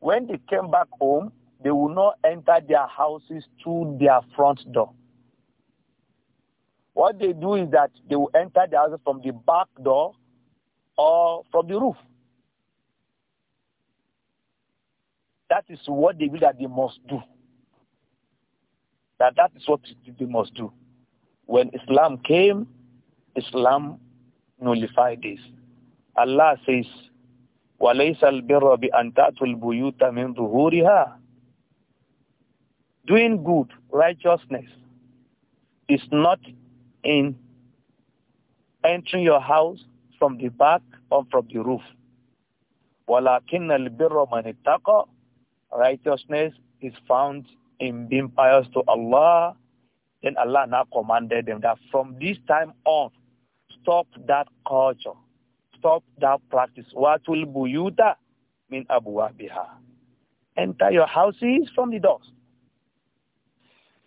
when they came back home, they will not enter their houses through their front door. What they do is that they will enter the houses from the back door or from the roof. That is what they do. that they must do that that is what we must do. When Islam came, Islam nullified this. Allah says, وَلَيْسَ الْبِرَّ بِأَنْ تَأْتُوا الْبُيُوتَ مِنْ ظُهُورِهَا Doing good, righteousness, is not in entering your house from the back or from the roof. وَلَكِنَّ الْبِرَّ مَنِ اتَّقَى Righteousness is found in being pious to Allah, then Allah now commanded them that from this time on, stop that culture, stop that practice. What will buyuta min abwabiha? Enter your houses from the doors.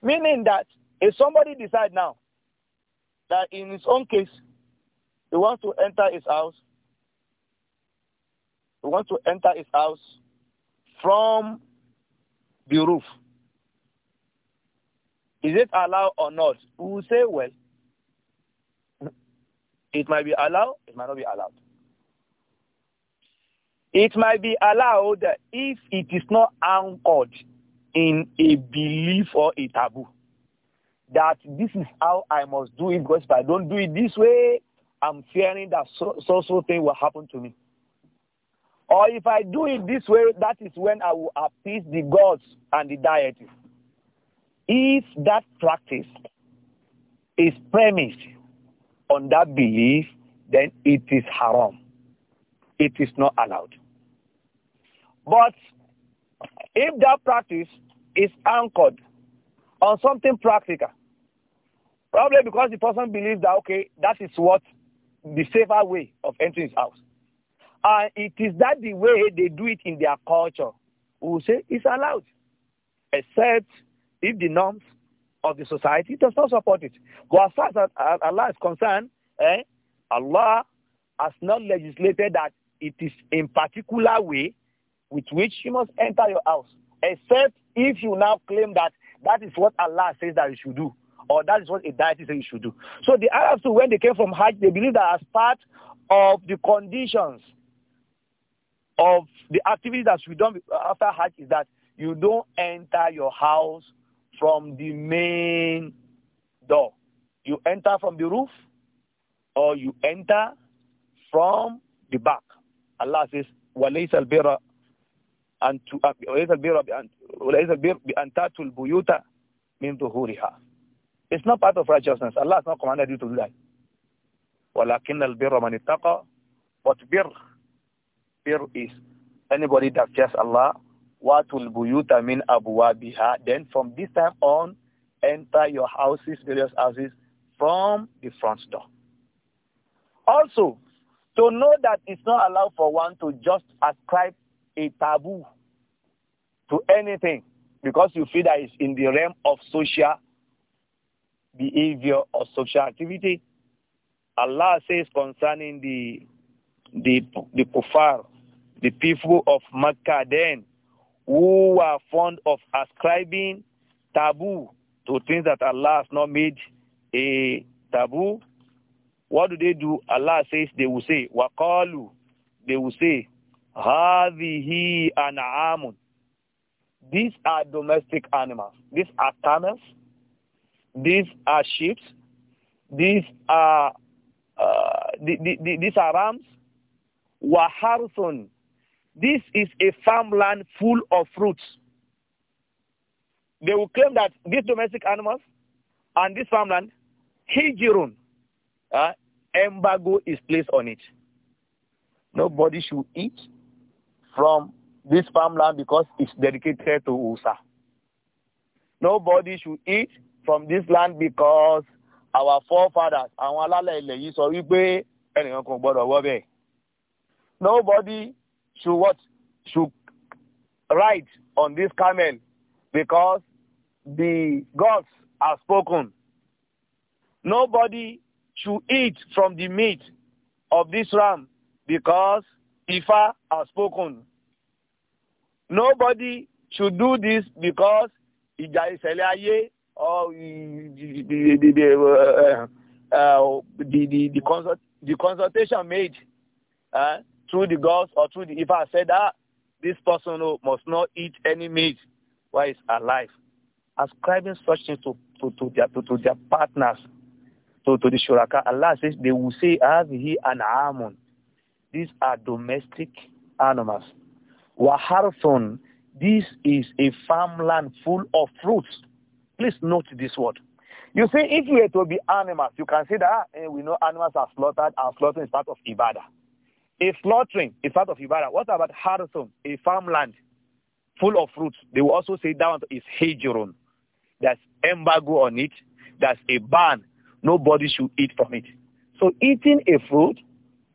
Meaning that if somebody decide now that in his own case, he wants to enter his house, he wants to enter his house from the roof, is it allowed or not? We will say, well, it might be allowed, it might not be allowed. It might be allowed if it is not anchored in a belief or a taboo that this is how I must do it because if I don't do it this way, I'm fearing that so so, thing will happen to me. Or if I do it this way, that is when I will appease the gods and the deities if that practice is premised on that belief, then it is haram. It is not allowed. But if that practice is anchored on something practical, probably because the person believes that, okay, that is what the safer way of entering his house. And it is that the way they do it in their culture. We will say it's allowed, except if the norms of the society does not support it. But as far as Allah is concerned, eh, Allah has not legislated that it is in particular way with which you must enter your house, except if you now claim that that is what Allah says that you should do, or that is what a deity says you should do. So the Arabs, too, when they came from Hajj, they believed that as part of the conditions of the activities that we done after Hajj is that you don't enter your house from the main door. You enter from the roof or you enter from the back. Allah says, وَلَيْسَ الْبِرَ أن وليس البر بأن وليس البر بان وليس It's not part of righteousness. Allah has not commanded you to do that. ولكن البر من اتقى. But bir, bir is anybody that fears Allah watul buyuta min abwabiha. Then from this time on, enter your houses, various houses, from the front door. Also, to know that it's not allowed for one to just ascribe a taboo to anything because you feel that it's in the realm of social behavior or social activity. Allah says concerning the the the kuffar, the people of Makkah, then who are fond of ascribing taboo to things that Allah has not made a taboo. What do they do? Allah says they will say, Waqalu, they will say, Hadihi an'amun. These are domestic animals. These are camels. These are sheep. These are uh, the, the, the, these are rams. Waharthun This is a farmland full of fruits. They will claim that these domestic animals and this farmland, hijirun, uh, embargo is placed on it. Nobody should eat from this farmland because it's dedicated to Usa. Nobody should eat from this land because our forefathers, àwọn Nobody should what? Should ride on this camel because the gods have spoken. Nobody should eat from the meat of this ram because Ifa has spoken. Nobody should do this because ìjà ìṣẹ̀lẹ̀ ayé or the the the, uh, uh, the, the, the, consult, the consultation made. Uh, through the gods or through the Ifa said, that this person oh, must not eat any meat while he's alive. Ascribing such things to, to, to, their, to, to their partners, to, to the shuraka, Allah says they will say, Avihi an amun. These are domestic animals. Waharthon, this is a farmland full of fruits. Please note this word. You see, if are to be animals, you can say that ah, eh, we know animals are slaughtered and slaughtering is part of ibadah. A slaughtering is part of ibara. What about Harsun, a farmland full of fruits? They will also say is Hijrun. There's embargo on it. There's a ban. Nobody should eat from it. So eating a fruit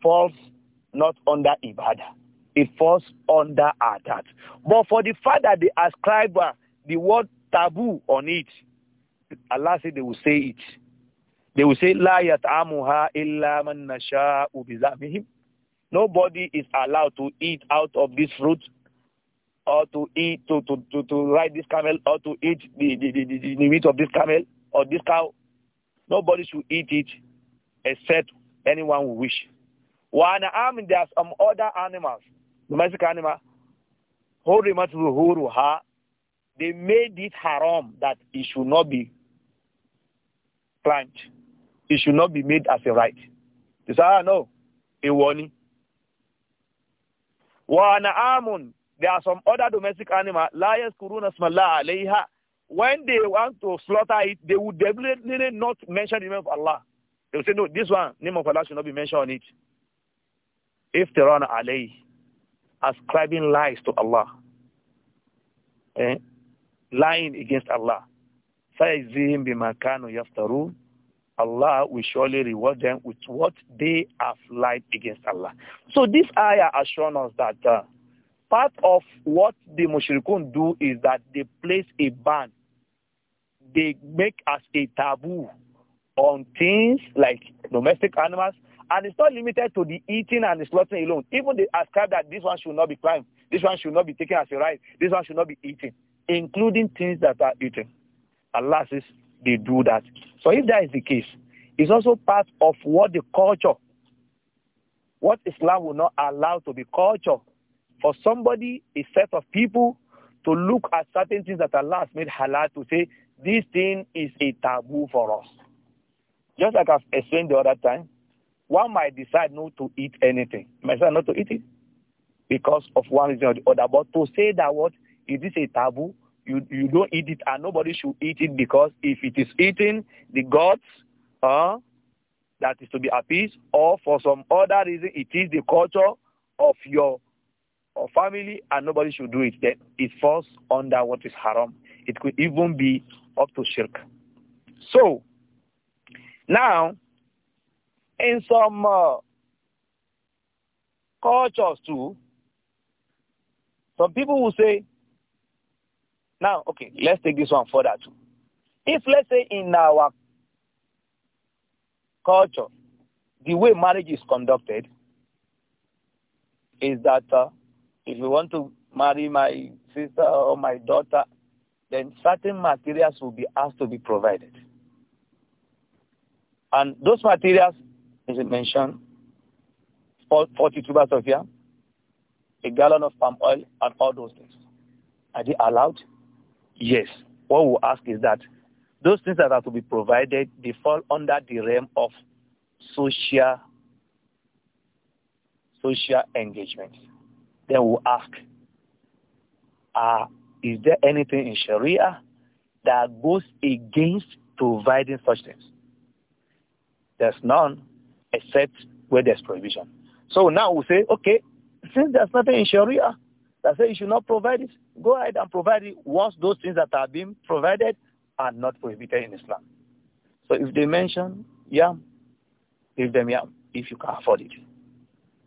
falls not under Ibadah. It falls under Adat. But for the fact that they ascribe uh, the word taboo on it, Allah said they will say it. They will say, La yat'amuha illa man nasha'u bizamihim. Nobody is allowed to eat out of this fruit or to eat, to, to, to, to ride this camel or to eat the, the, the, the, the meat of this camel or this cow. Nobody should eat it except anyone who wish. One arm, there are some other animals, domestic animal, Hurimat Ruhuruha, they made it haram that it should not be climbed. It should not be made as a right. They say, ah, no, a warning wa there are some other domestic animals. la yaskuruna smallah alayha when they want to slaughter it they would definitely not mention the name of Allah they will say no this one name of Allah should not be mentioned on it if they run alayh ascribing lies to Allah eh? lying against Allah sayzihim bima kanu yaftarun Allah will surely reward them with what they have lied against Allah. So this ayah has shown us that uh, part of what the mushrikun do is that they place a ban. They make us a taboo on things like domestic animals. And it's not limited to the eating and the slaughtering alone. Even they ascribe that this one should not be crime. This one should not be taken as a right. This one should not be eaten, including things that are eaten. Allah says, they do that. So if that is the case, it's also part of what the culture, what Islam will not allow to be culture for somebody, a set of people, to look at certain things that Allah has made halal to say, this thing is a taboo for us. Just like I've explained the other time, one might decide not to eat anything. Might decide not to eat it because of one reason or the other. But to say that what, is this a taboo? you, you don't eat it and nobody should eat it because if it is eaten, the gods uh, that is to be appeased or for some other reason it is the culture of your or family and nobody should do it, then it falls under what is haram. It could even be up to shirk. So, now, in some uh, cultures too, some people will say, now, okay, let's take this one further too. If let's say in our culture, the way marriage is conducted is that uh, if you want to marry my sister or my daughter, then certain materials will be asked to be provided. And those materials, as I mentioned, forty-two bars of yam, a gallon of palm oil, and all those things. Are they allowed? Yes. What we ask is that those things that are to be provided, they fall under the realm of social social engagement. Then we'll ask, uh, is there anything in Sharia that goes against providing such things? There's none except where there's prohibition. So now we we'll say, okay, since there's nothing in Sharia that say you should not provide it. Go ahead and provide it once those things that are being provided are not prohibited in Islam. So if they mention yam, give them yam if you can afford it.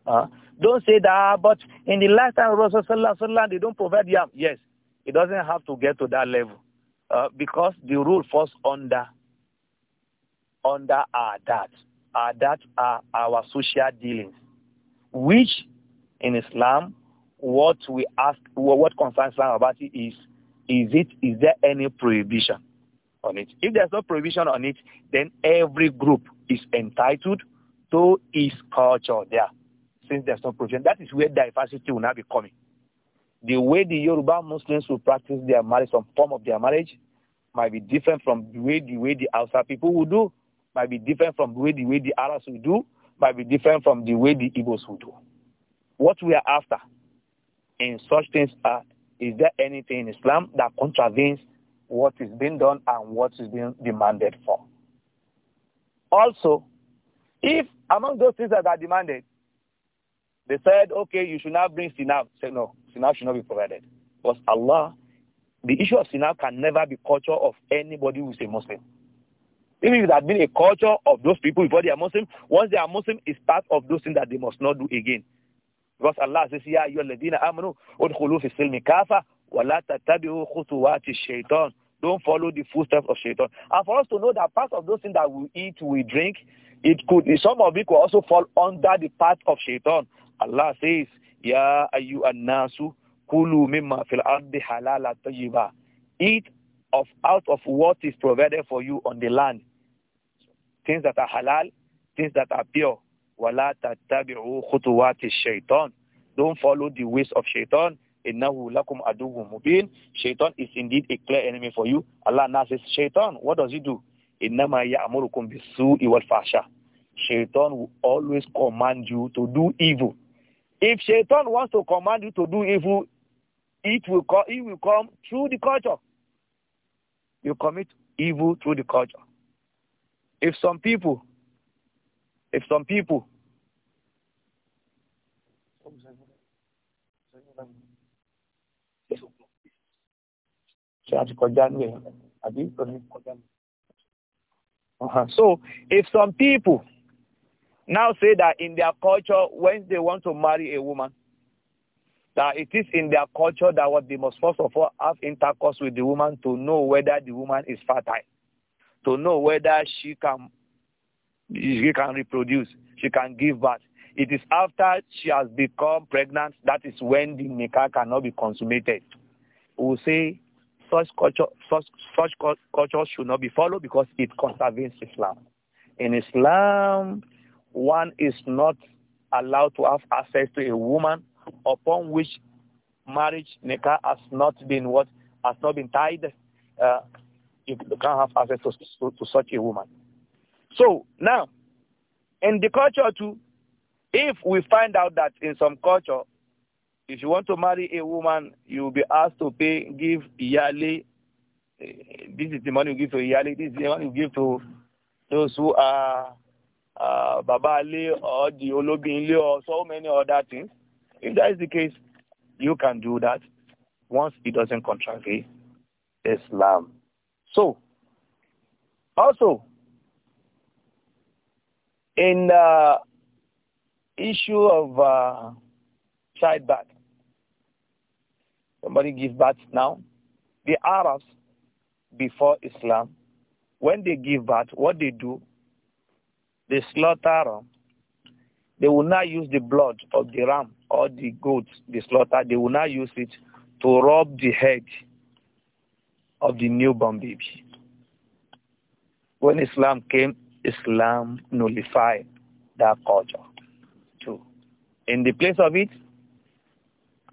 Uh, don't say that, ah, but in the lifetime of Rasulullah, they don't provide yam. Yes, it doesn't have to get to that level uh, because the rule falls under under our that. Our that are our social dealings, which in Islam what we ask, what concerns Islam about it is, is it, is there any prohibition on it? If there's no prohibition on it, then every group is entitled to its culture there, since there's no prohibition. That is where diversity will now be coming. The way the Yoruba Muslims will practice their marriage, some form of their marriage, might be different from the way the way the outside people will do, might be different from the way the way the Arabs will do, might be different from the way the Igbos will do. What we are after in such things are, is there anything in Islam that contravenes what is being done and what is being demanded for? Also, if among those things that are demanded, they said, okay, you should not bring sinab. Say, no, sinab should not be provided. Because Allah, the issue of sinab can never be culture of anybody who is a Muslim. Even if it had been a culture of those people before they are Muslim, once they are Muslim, it's part of those things that they must not do again. because Allah says ya ayyuhal ladina amanu udkhulu fi silmi kafa wa la tattabi'u khutuwati shaitan don't follow the footsteps of shaitan and for us to know that part of those things that we eat we drink it could some of it could also fall under the path of shaitan Allah says ya ayyuhan nasu kulu mimma fil ardi halala tayyiba eat of out of what is provided for you on the land things that are halal things that are pure wàlá tàtàbíù khutuwati shaitan don't follow the ways of shaitan innahu lakum aduwwun mubin shaitan is indeed a clear enemy for you allah now says shaitan what does he do innama ya'murukum bis-su'i wal fahsha shaitan will always command you to do evil if shaitan wants to command you to do evil it will come it will come through the culture you commit evil through the culture if some people If some people uh-huh. So if some people now say that in their culture when they want to marry a woman that it is in their culture that what they must first of all have intercourse with the woman to know whether the woman is fertile, to know whether she can she can reproduce, she can give birth. It is after she has become pregnant that is when the nikah cannot be consummated. We will say such culture, such, such culture should not be followed because it contravenes Islam. In Islam, one is not allowed to have access to a woman upon which marriage nikah has not been what has not been tied. Uh, you can't have access to, to, to such a woman. So now, in the culture too, if we find out that in some culture, if you want to marry a woman, you will be asked to pay, give yearly. Eh, this is the money you give to yearly. This is the money you give to those who are uh, Baba Ali or the Olobinle or so many other things. If that is the case, you can do that once it doesn't contravene Islam. So, also, in the issue of uh, childbirth, somebody give birth now. The Arabs before Islam, when they give birth, what they do, they slaughter They will not use the blood of the ram or the goat they slaughter. They will not use it to rub the head of the newborn baby. When Islam came, Islam nullify that culture. In the place of it,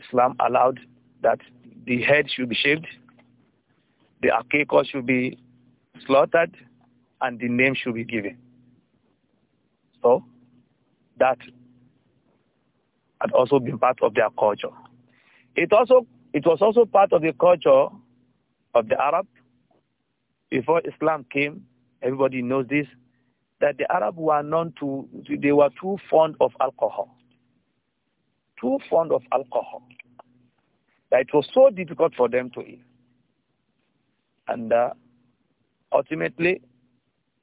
Islam allowed that the head should be shaved, the akikah should be slaughtered, and the name should be given. So that had also been part of their culture. It also it was also part of the culture of the Arab before Islam came. Everybody knows this that the Arab were known to, they were too fond of alcohol. Too fond of alcohol. That it was so difficult for them to eat. And uh, ultimately,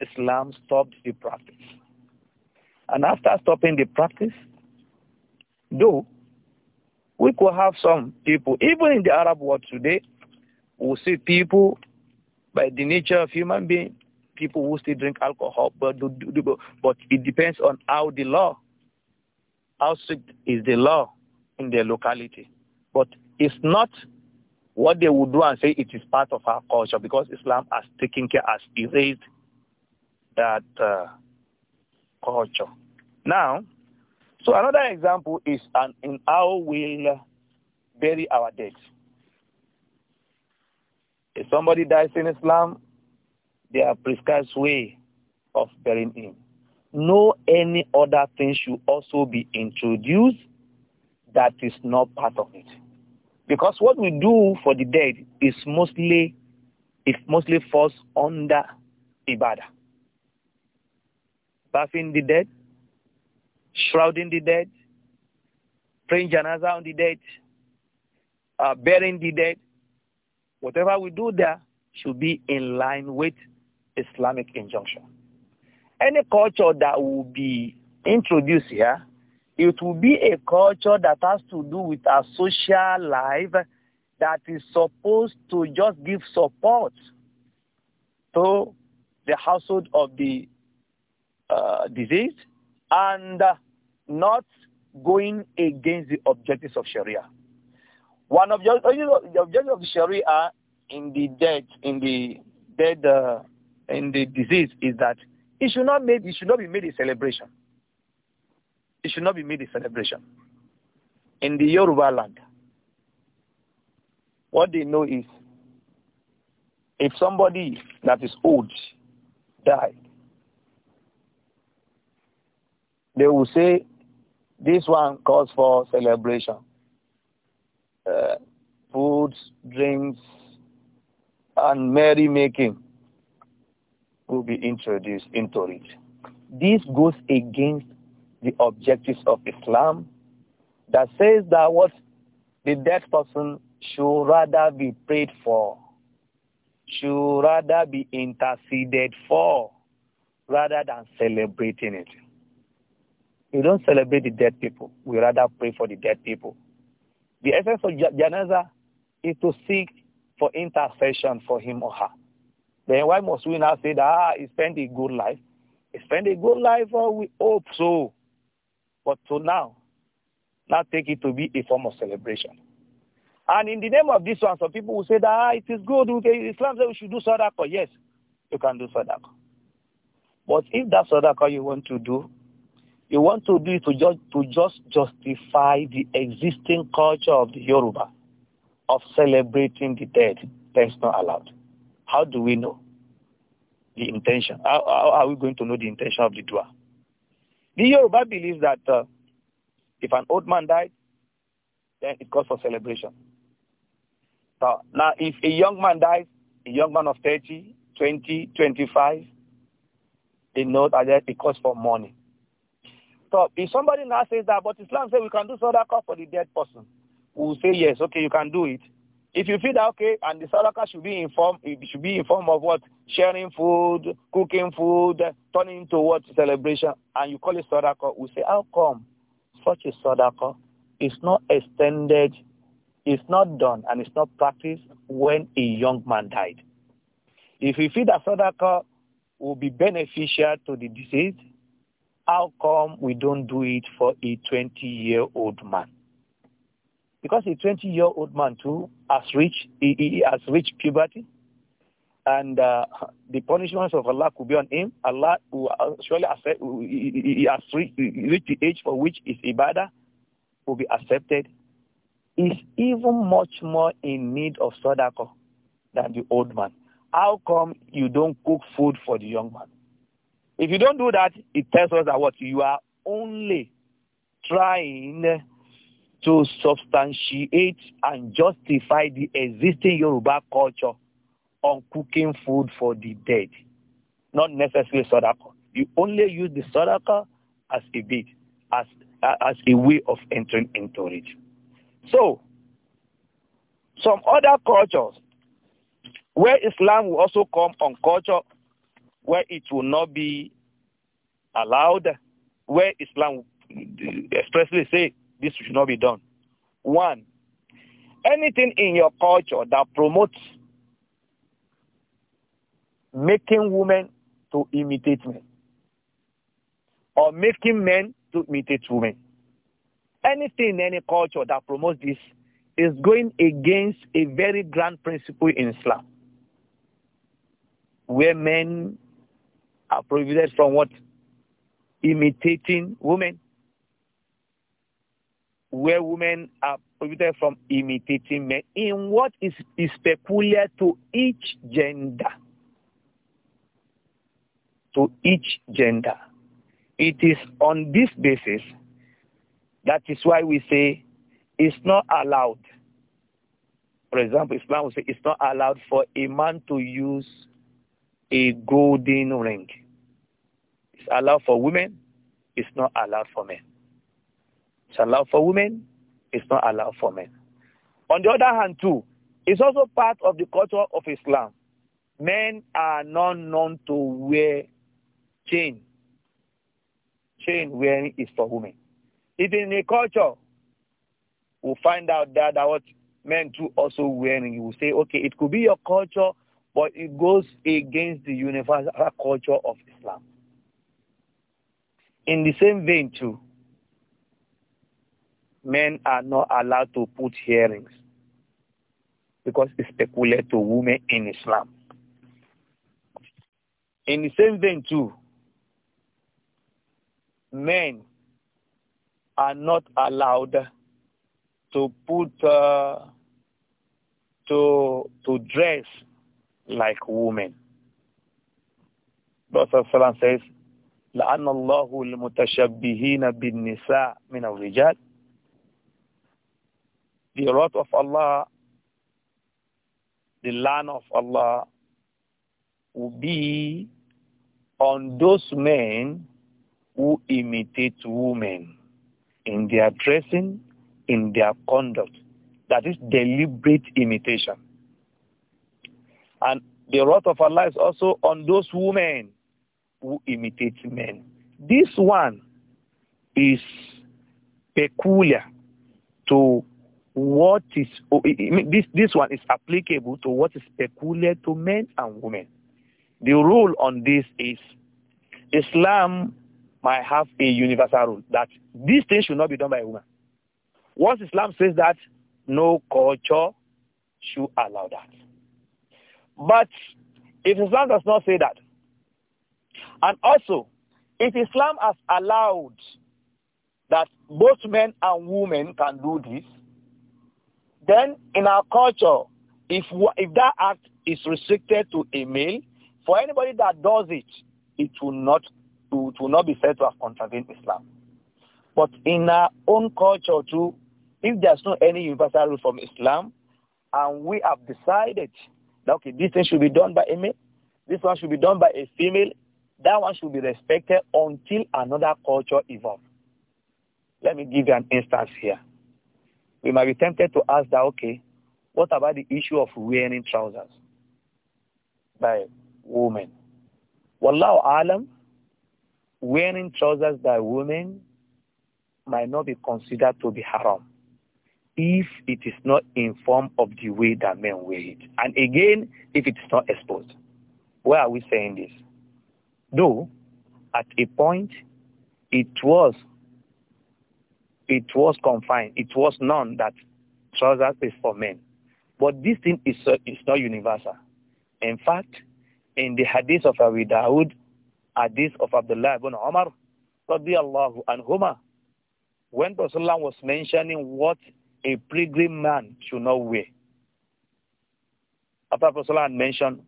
Islam stopped the practice. And after stopping the practice, though, we could have some people, even in the Arab world today, we see people by the nature of human being people who still drink alcohol, but, but it depends on how the law, how strict is the law in their locality. But it's not what they would do and say it is part of our culture because Islam has taken care, has erased that uh, culture. Now, so another example is an, in how we'll bury our dead. If somebody dies in Islam, their prescribed way of bearing him. No any other thing should also be introduced that is not part of it. Because what we do for the dead is mostly, it mostly falls under Ibadah. Bathing the dead, shrouding the dead, praying janaza on the dead, uh, burying the dead. Whatever we do there should be in line with Islamic injunction. Any culture that will be introduced here, it will be a culture that has to do with our social life that is supposed to just give support to the household of the uh, and not going against the objectives of Sharia. One of the objectives of Sharia in the dead, in the dead uh, in the disease is that it should not made it should not be made a celebration. It should not be made a celebration. In the Yoruba land, what they know is if somebody that is old died, they will say this one calls for celebration. Uh, food, drinks, and merrymaking will be introduced into it. This goes against the objectives of Islam that says that what the dead person should rather be prayed for, should rather be interceded for, rather than celebrating it. We don't celebrate the dead people. We rather pray for the dead people. The essence of janaza is to seek for intercession for him or her. Then why must we now say that ah, he spent a good life? He spent a good life, or we hope so. But so now, now take it to be a form of celebration. And in the name of this one, some people will say that ah, it is good. Okay, Islam says we should do sadaqah. Yes, you can do sadaqah. But if that sadaqah you want to do, you want to do it to, just to just justify the existing culture of the Yoruba of celebrating the dead. That's not allowed. How do we know the intention? How, how are we going to know the intention of the dua? The Yoruba believes that uh, if an old man died, then it calls for celebration. So now, if a young man dies, a young man of 30, 20, 25, they know that it calls for mourning. So if somebody now says that, but Islam says we can do sadaqah for the dead person, we will say, yes, okay, you can do it, If you feel that okay, and the sadaka should be informed, it should be in form of what sharing food, cooking food, turning towards what celebration, and you call it sadaka. We say, how come such a sadaka is not extended, it's not done, and it's not practiced when a young man died? If you feel that sadaka will be beneficial to the deceased, how come we don't do it for a 20-year-old man? because a 20 year old man too has reached he, he has reached puberty and uh, the punishments of Allah could be on him. Allah will surely accept, he has reached the age for which his ibadah will be accepted. Is even much more in need of sadaqah than the old man. How come you don't cook food for the young man? If you don't do that, it tells us that what you are only trying to substantiate and justify the existing Yoruba culture on cooking food for the dead. Not necessarily sadaqah. You only use the sadaqah as a bit, as, as a way of entering into it. So, some other cultures where Islam will also come on culture where it will not be allowed, where Islam eh, expressly say this should not be done. One, anything in your culture that promotes making women to imitate men or making men to imitate women. Anything in any culture that promotes this is going against a very grand principle in Islam where men are prohibited from what? Imitating women where women are prohibited from imitating men in what is, is peculiar to each gender. To each gender. It is on this basis that is why we say it's not allowed. For example, Islam will say it's not allowed for a man to use a golden ring. It's allowed for women, it's not allowed for men. It's allowed for women. It's not allowed for men. On the other hand, too, it's also part of the culture of Islam. Men are not known to wear chain. Chain wearing is for women. If in a culture, we will find out that, that what men do also wearing, you will say, okay, it could be your culture, but it goes against the universal culture of Islam. In the same vein too, men are not allowed to put hearings because it's peculiar to women in Islam. In the same vein too, men are not allowed to put uh, to to dress like women. Salam says, لأن الله المتشبهين بالنساء من الرجال the wrath of Allah, the land of Allah will be on those men who imitate women in their dressing, in their conduct. That is deliberate imitation. And the wrath of Allah is also on those women who imitate men. This one is peculiar to what is oh, this this one is applicable to what is peculiar to men and women. The rule on this is Islam might have a universal rule that these things should not be done by a woman. Once Islam says that, no culture should allow that. But if Islam does not say that, and also if Islam has allowed that both men and women can do this, then in our culture, if, if that act is restricted to a male, for anybody that does it, it will not, it will not be said to have contravened Islam. But in our own culture too, if there's no any universal rule from Islam, and we have decided that, okay, this thing should be done by a male, this one should be done by a female, that one should be respected until another culture evolves. Let me give you an instance here. we might be tempted to ask that, okay, what about the issue of wearing trousers by women? Wallahu alam, wearing trousers by women might not be considered to be haram if it is not in form of the way that men wear it. And again, if it is not exposed. Why are we saying this? Though, at a point, it was it was confined. It was known that trousers is for men. But this thing is, uh, is not universal. In fact, in the hadith of Abu Dawood, hadith of Abdullah ibn Umar, radiallahu anhuma, when Rasulullah was mentioning what a pilgrim man should not wear, after Rasulullah mentioned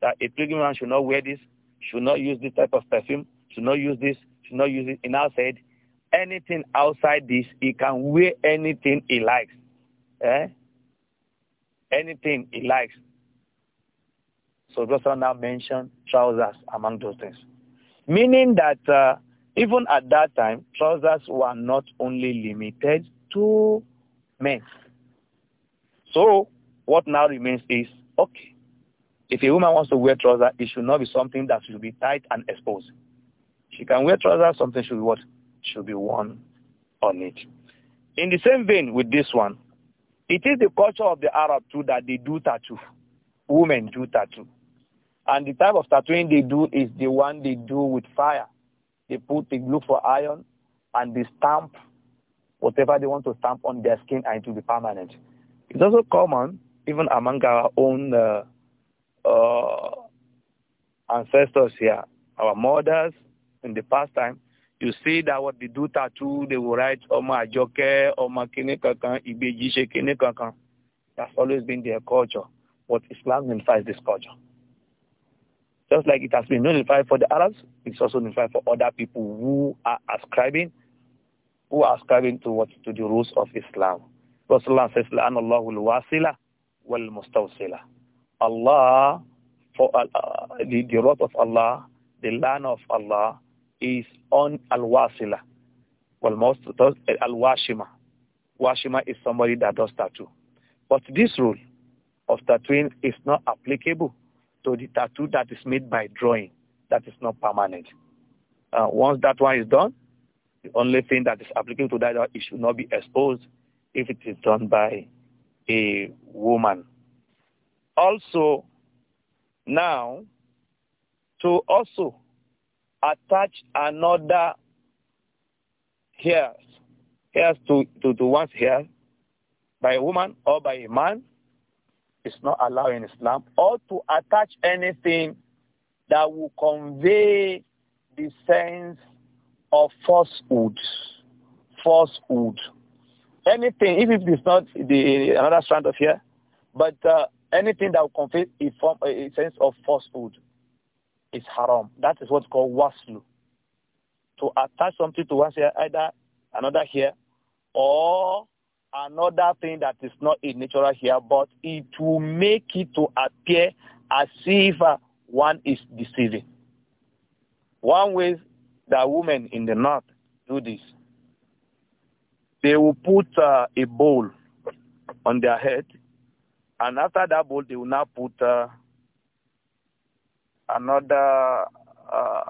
that a pilgrim man should not wear this, should not use this type of perfume, should not use this, should not use it, he now said, anything outside this, he can wear anything he likes. Eh? Anything he likes. So Joshua now mentioned trousers among those things. Meaning that uh, even at that time, trousers were not only limited to men. So what now remains is, okay, if a woman wants to wear trousers, it should not be something that should be tight and exposed. She can wear trousers, something should be what? should be worn on it. In the same vein with this one, it is the culture of the Arab too that they do tattoo. Women do tattoo. And the type of tattooing they do is the one they do with fire. They put, the glue for iron and they stamp whatever they want to stamp on their skin and it will be permanent. It's also common, even among our own uh, uh, ancestors here, our mothers in the past time, you see that what they do tattoo, they will write Oma Ajoke, Oma kine Kankan, Ibeji She Kini Kankan. That's always been their culture. What Islam unifies this culture. Just like it has been unified for the Arabs, it's also unified for other people who are ascribing, who are ascribing to what to the rules of Islam. Rasulullah says, "La'anallahu al-wasila Allah, for uh, uh, the, the wrath of Allah, the land of Allah, is on al-wasila. Well, most eh, al-washima. Washima is somebody that does tattoo. But this rule of tattooing is not applicable to the tattoo that is made by drawing, that is not permanent. Uh, once that one is done, the only thing that is applicable to that is should not be exposed if it is done by a woman. Also, now, to also attach another hairs, hairs to, to, to one's hair by a woman or by a man is not allowed in Islam, or to attach anything that will convey the sense of falsehood. Falsehood. Anything, even if it's not the another strand of hair, but uh, anything that will convey a, form, a sense of falsehood is haram. That is what's called waslu. To attach something to one's hair, either another hair or another thing that is not a natural hair, but it will make it to appear as if uh, one is deceiving. One way that women in the north do this, they will put uh, a bowl on their head, and after that bowl, they will now put uh, another uh,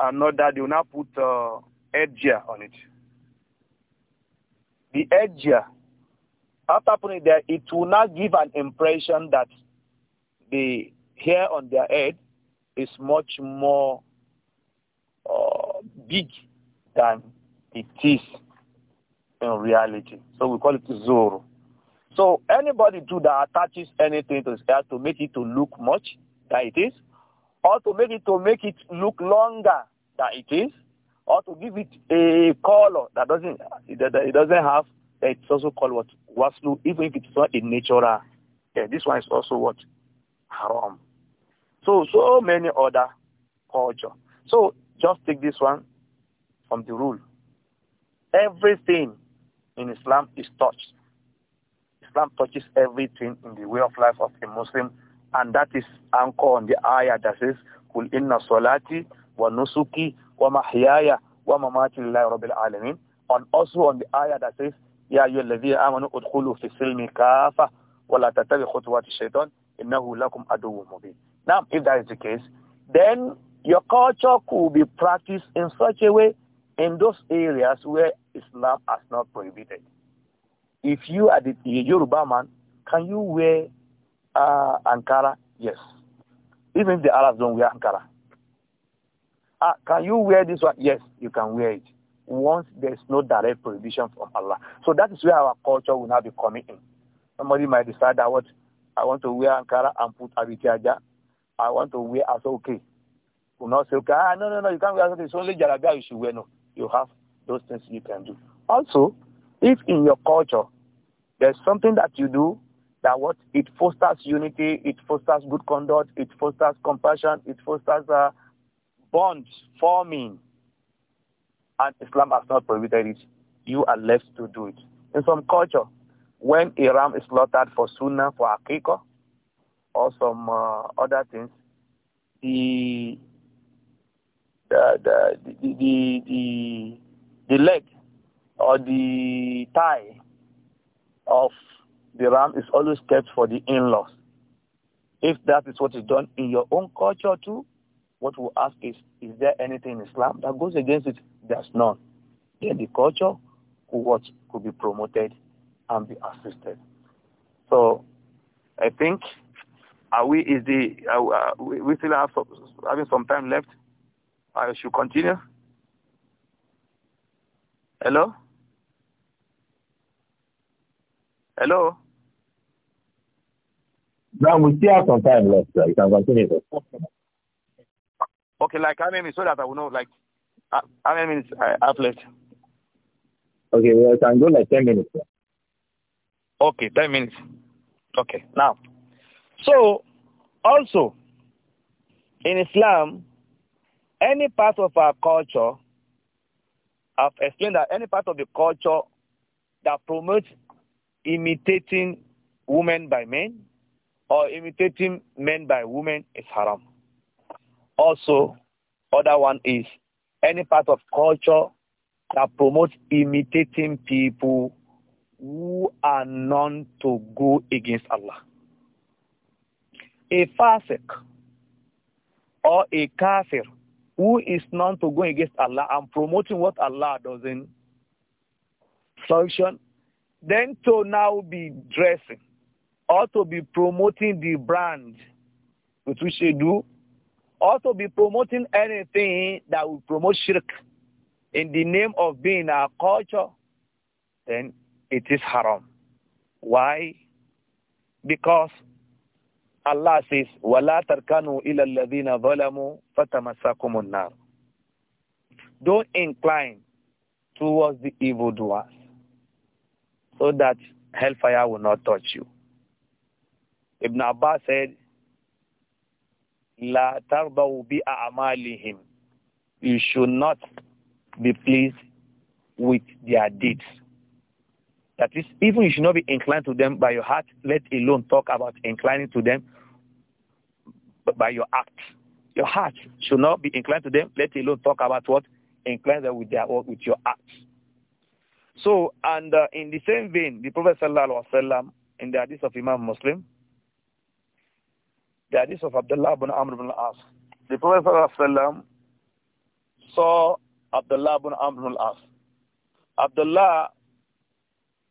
another they will now put uh, edgia on it. The edgia, after putting it there, it will now give an impression that the hair on their head is much more uh, big than it is in reality. So we call it zoro. So anybody do that attaches anything to sky to make it to look much than it is, or to make it to make it look longer than it is, or to give it a color that doesn't that it doesn't have, that it's also called what waslu, even if it's not a natural. Yeah, this one is also what haram. So so many other culture. So just take this one from the rule. Everything in Islam is touched. Islam touches everything in the way of life of a Muslim, and that is anchored on the ayah that says, "Kul inna salati wa nusuki wa mahiyaya wa mamati lillahi rabbil alamin." And also on the ayah that says, "Ya ayyuhalladhina amanu udkhulu fi silmi kafa wa la tattabi'u khutuwati shaitan innahu lakum aduwwun mubin." Now, if that is the case, then your culture could be practiced in such a way in those areas where Islam has not prohibited. If you are the Yoruba man, can you wear uh, Ankara? Yes. Even if the Arabs don't wear Ankara. Uh, can you wear this one? Yes, you can wear it. Once there's no direct prohibition from Allah. So that is where our culture will now be coming in. Somebody might decide that what I want to wear Ankara and put Abitiaja. I want to wear as okay. Will not say, okay, ah, no, no, no, you can't wear Asoke. It's only Jarabia you should wear. No, you have those things you can do. Also, if in your culture there's something that you do that what it fosters unity, it fosters good conduct, it fosters compassion, it fosters uh, bonds forming. And Islam has not prohibited it. You are left to do it. In some culture, when a ram is slaughtered for sunnah, for Akiko or some uh, other things, the the, the the the the leg or the thigh of the ram is always kept for the in-laws. If that is what is done in your own culture too, what we ask is, is there anything in Islam that goes against it? There's none. Then the culture could, what, could be promoted and be assisted. So I think are we is the we, we still have some, having some time left. I should continue. Hello. Hello? Now we still have some time left. Sir. You can continue. Sir. Okay, like how many minutes so that I will know, like, uh, how many minutes I have left? Okay, well, I can go like 10 minutes. Sir. Okay, 10 minutes. Okay, now. So, also, in Islam, any part of our culture, I've explained that any part of the culture that promotes imitating women by men or imitating men by women is haram. Also, other one is any part of culture that promotes imitating people who are known to go against Allah. A fasik or a kafir who is known to go against Allah and promoting what Allah doesn't sanction Then to now be dressing or to be promoting the brand which we should do or to be promoting anything that will promote shirk in the name of being our culture, then it is haram. Why? Because Allah says, وَلَا تَرْكَنُوا إِلَى الَّذِينَ ظَلَمُوا فَتَمَسَّكُمُ النَّارُ Don't incline towards the evildoers. so that hellfire will not touch you. Ibn Abbas said, La tarbaw bi a'malihim. You should not be pleased with their deeds. That is, even you should not be inclined to them by your heart, let alone talk about inclining to them by your act. Your heart should not be inclined to them, let alone talk about what? Incline them with, their, with your acts. So, and uh, in the same vein, the Prophet sallallahu alaihi wasallam in the hadith of Imam Muslim, the hadith of Abdullah ibn Amr ibn al-As, the Prophet sallallahu alaihi wasallam saw Abdullah ibn Amr ibn al-As. Abdullah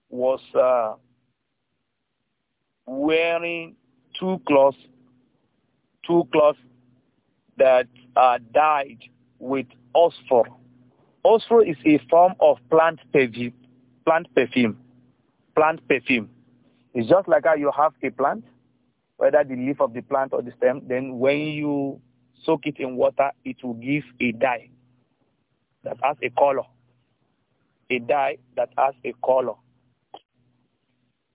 was uh, wearing two clothes, two clothes that are uh, dyed with phosphor Osro is a form of plant perfume. Plant perfume. Plant perfume. It's just like how you have a plant, whether the leaf of the plant or the stem. Then when you soak it in water, it will give a dye that has a color. A dye that has a color.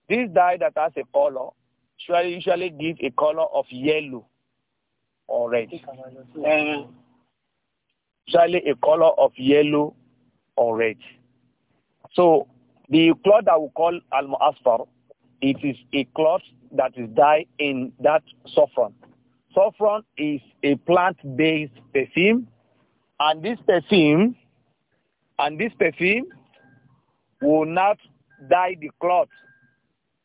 This dye that has a color usually usually give a color of yellow or red usually a color of yellow or red. So the cloth that we call al-mu'asfar, it is a cloth that is dyed in that saffron. Saffron is a plant-based perfume, and this perfume, and this perfume will not dye the cloth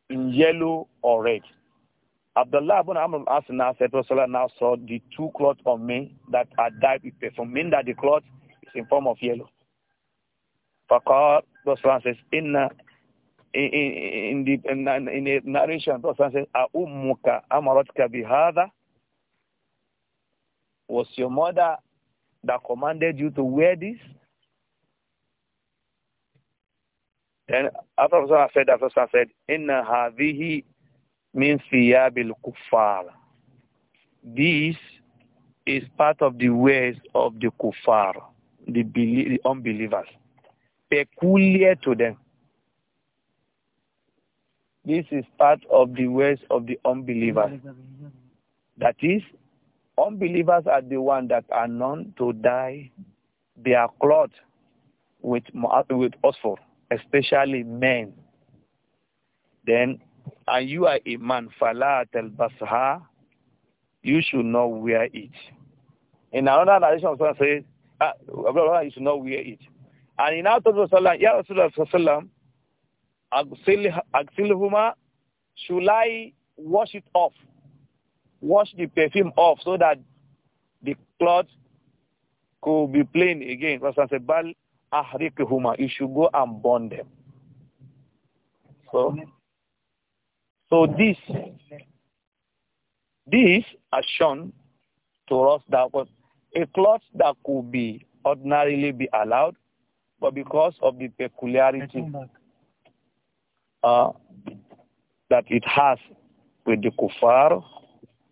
in yellow or red. Abdullah ibn Amr al asking now said, Rasulullah now saw the two cloths on me that are dyed with perfume, meaning that the cloth is in form of yellow. Fakar, Rasulullah says, inna, uh, in, in, the, in, in the narration, Rasulullah says, A'ummuka amaratka bihada. Was your mother that commanded you to wear this? Then after Rasulullah said, Rasulullah said, Inna hadhihi min thiyabil kuffar. This is part of the ways of the kuffar, the, the unbelievers, peculiar to them. This is part of the ways of the unbelievers. That is, unbelievers are the ones that are known to die. They are clothed with, with phosphor, especially men. Then and you are a man, Fala Telbasha, you should not wear it. In another narration, someone said, ah, you should not wear it. And in out of Rasulullah, Ya Rasulullah, Agsilhuma, should I wash it off? Wash the perfume off so that the cloth could be plain again. Rasulullah said, Bal Ahrikuhuma, you should go and burn them. So, So this, this has shown to us that was a cloth that could be ordinarily be allowed, but because of the peculiarity uh, that it has with the kufar,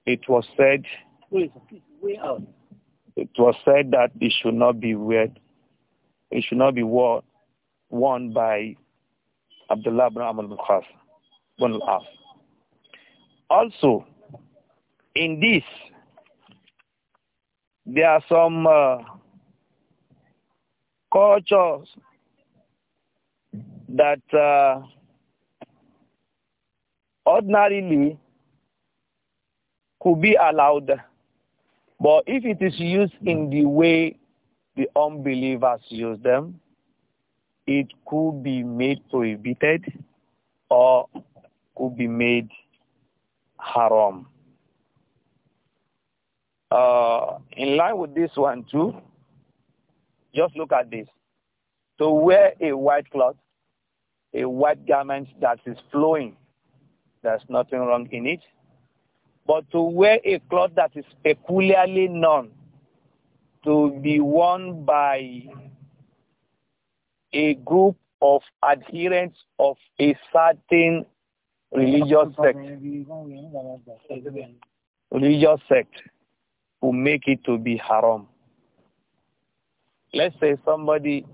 it was said it was said that it should not be weird. It should not be worn, worn by Abdullah ibn Amr al-Khas. Also, in this, there are some uh, cultures that uh, ordinarily could be allowed, but if it is used in the way the unbelievers use them, it could be made prohibited or could be made haram. Uh, in line with this one too, just look at this. To wear a white cloth, a white garment that is flowing, there's nothing wrong in it. But to wear a cloth that is peculiarly known to be worn by a group of adherents of a certain religious sect, religious sect who make it to be haram. Let's say somebody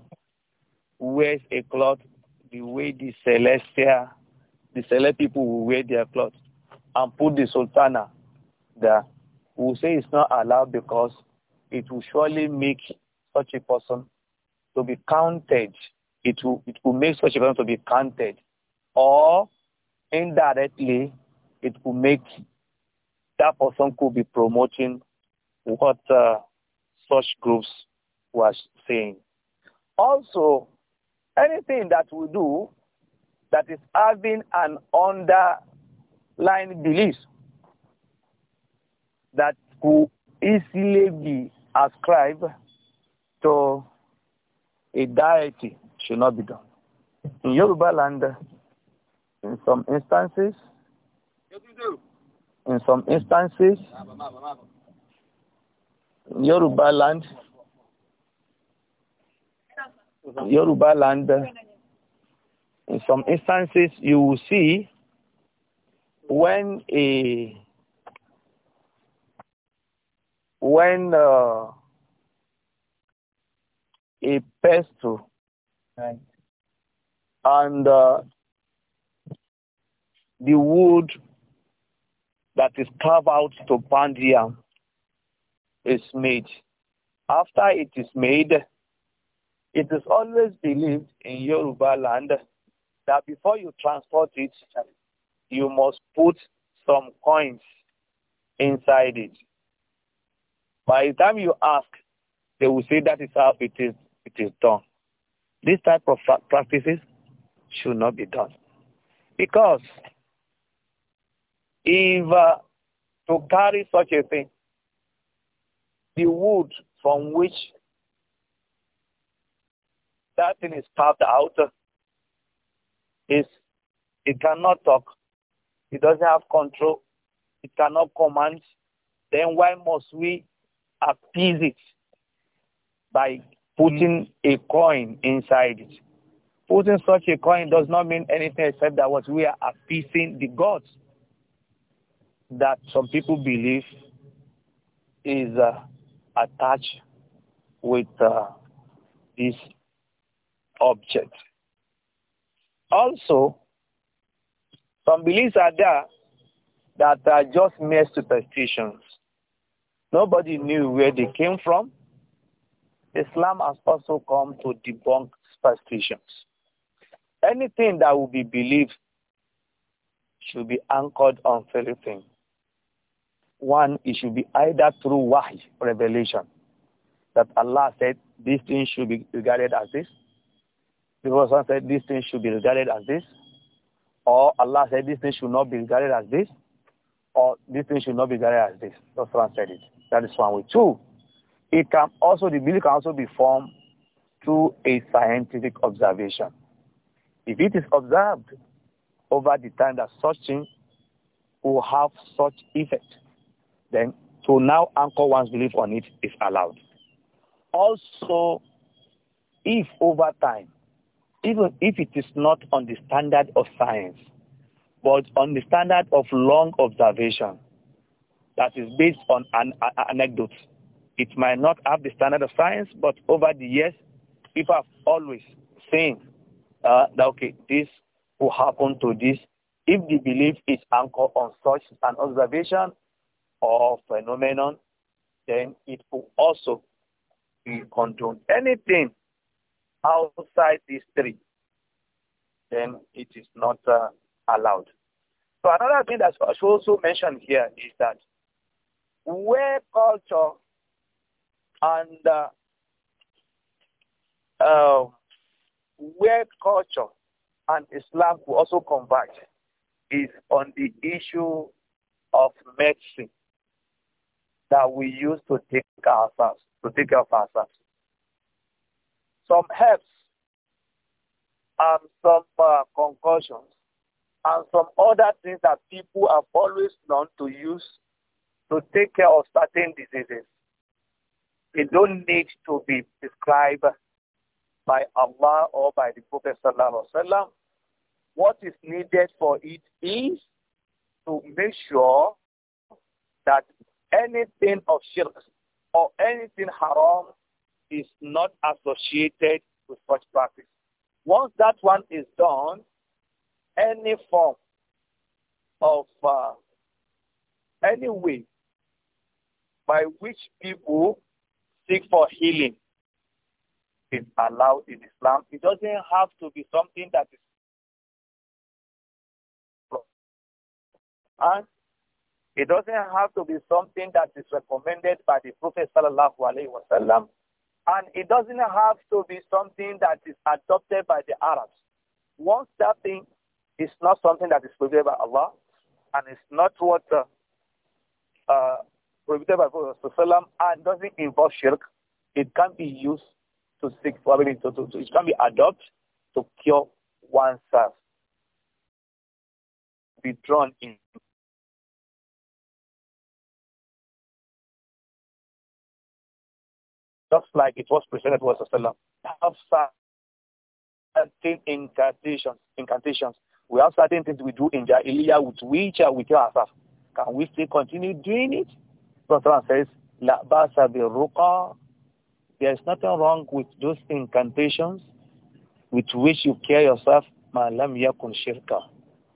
wears a cloth the way the celestial, the celestial people will wear their cloth and put the sultana there. We will say it's not allowed because it will surely make such a person to be counted. It will, it will make such a person to be counted. Or indirectly, it could make that person could be promoting what uh, such groups were saying. Also, anything that we do that is having an underlying belief that could easily be ascribed to a deity should not be done. In Yoruba land, in some instances, in some instances, in Yoruba land, Yoruba land, in some instances, you will see when a when uh, a pestle right. and uh, the wood that is carved out to pound is made. After it is made, it is always believed in Yoruba land that before you transport it, you must put some coins inside it. By the time you ask, they will say that is how it is, it is done. This type of practices should not be done. Because if to carry such a thing, the wood from which that thing is carved out is it cannot talk. It doesn't have control. It cannot command. Then why must we appease it by putting a coin inside it? Putting such a coin does not mean anything except that what we are appeasing the gods that some people believe is uh, attached with uh, this object. Also, some beliefs are there that are just mere superstitions. Nobody knew where they came from. Islam has also come to debunk superstitions. Anything that will be believed should be anchored on things one, it should be either through wahi, revelation, that Allah said this thing should be regarded as this. The Prophet said this thing should be regarded as this. Or Allah said this thing should not be regarded as this. Or this thing should not be regarded as this. The one said it. That is one way. Two, it can also, the belief can also be formed through a scientific observation. If it is observed over the time that such thing will have such effect, then to now anchor one's belief on it is allowed. Also, if over time, even if it is not on the standard of science, but on the standard of long observation that is based on an, an anecdote, it might not have the standard of science, but over the years, people have always seen uh, that, okay, this will happen to this. If the belief is anchored on such an observation, or phenomenon, then it will also be controlled. Anything outside these three, then it is not uh, allowed. So another thing that was also mentioned here is that where culture and uh, uh, where culture and Islam will also converge is on the issue of medicine that we use to take ourselves, to take care of ourselves. Some herbs and some uh, concoctions and some other things that people have always known to use to take care of certain diseases. They don't need to be prescribed by Allah or by the Prophet What is needed for it is to make sure that anything of shirk or anything haram is not associated with such practice. Once that one is done, any form of uh, any way by which people seek for healing is allowed in Islam. It doesn't have to be something that is and it doesn't have to be something that is recommended by the Prophet sallallahu alaihi wasallam, and it doesn't have to be something that is adopted by the Arabs. Once that thing is not something that is prohibited by Allah, and it's not what uh, uh, prohibited by the Prophet sallallahu and doesn't involve shirk, it can be used to seek for to, to, to, it can be adopted to cure oneself. Be drawn in just like it was presented to Rasulullah. Have certain incantations, incantations. We have certain things we do in Jahiliyyah with which we with ourselves. Can we still continue doing it? Prophet says, La basa ruqa. There is nothing wrong with those incantations with which you care yourself. Ma yakun shirka.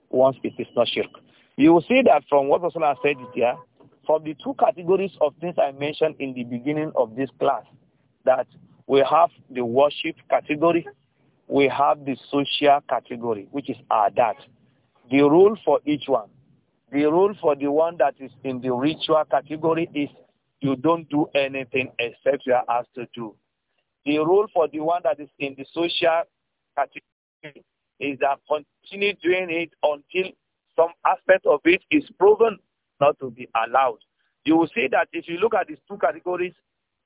Once it is not shirk. You will see that from what Rasulullah said here, from the two categories of things I mentioned in the beginning of this class, that we have the worship category, we have the social category, which is that. The rule for each one. The rule for the one that is in the ritual category is you don't do anything except you are asked to do. The rule for the one that is in the social category is that continue doing it until some aspect of it is proven not to be allowed. You will see that if you look at these two categories,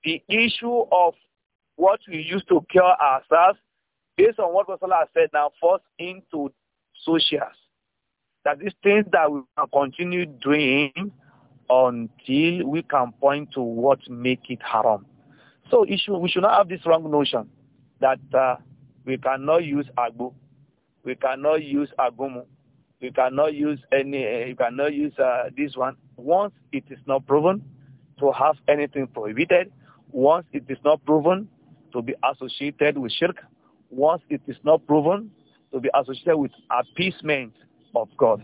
the issue of what we use to cure ourselves based on what Rasulullah said now falls into socials. That these things that we can continue doing until we can point to what make it haram. So we should not have this wrong notion that uh, we cannot use agbo, we cannot use agumu, we cannot use any, uh, eh, you cannot use uh, this one. Once it is not proven to have anything prohibited, once it is not proven to be associated with shirk, once it is not proven to be associated with appeasement of God.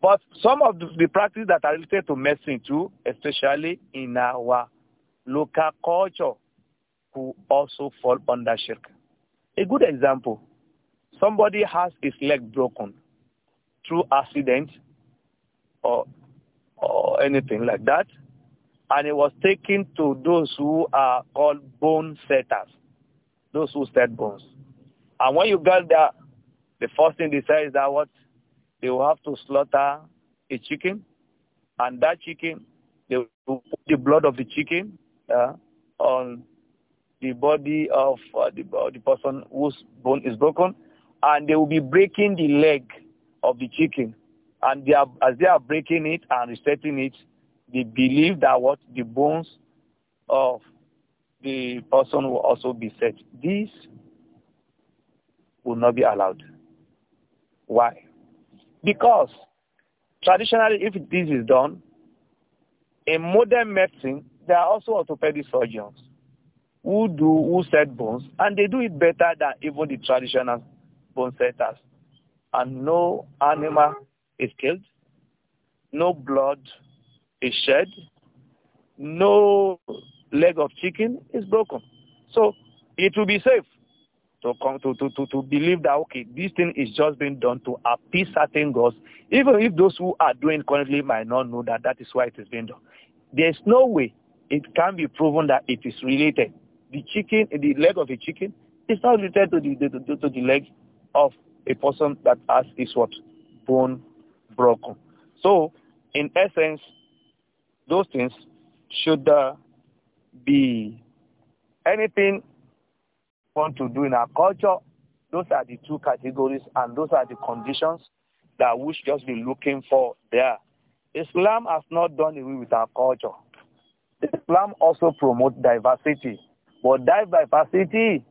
But some of the practices that are related to medicine too, especially in our local culture, could also fall under shirk. A good example, somebody has his leg broken through accident or, or anything like that and it was taken to those who are called bone setters, those who set bones. And when you got there, the first thing they said is that what they will have to slaughter a chicken, and that chicken they will put the blood of the chicken uh, on the body of uh, the, uh, the person whose bone is broken, and they will be breaking the leg of the chicken, and they are, as they are breaking it and resetting it, they believe that what the bones of the person will also be set. This will not be allowed. Why? Because traditionally, if this is done, in modern medicine, there are also orthopedic surgeons who do who set bones, and they do it better than even the traditional bone setters. And no animal is killed, no blood Is shed, no leg of chicken is broken. So it will be safe to come to, to, to, to believe that okay, this thing is just being done to appease certain gods, even if those who are doing currently might not know that that is why it is being done. There is no way it can be proven that it is related. The chicken, the leg of a chicken, is not related to the to, to the leg of a person that has his what bone broken. So, in essence, those things should uh, be anything want to do in our culture. Those are the two categories and those are the conditions that we should just be looking for there. Islam has not done away with our culture. Islam also promotes diversity, but that diversity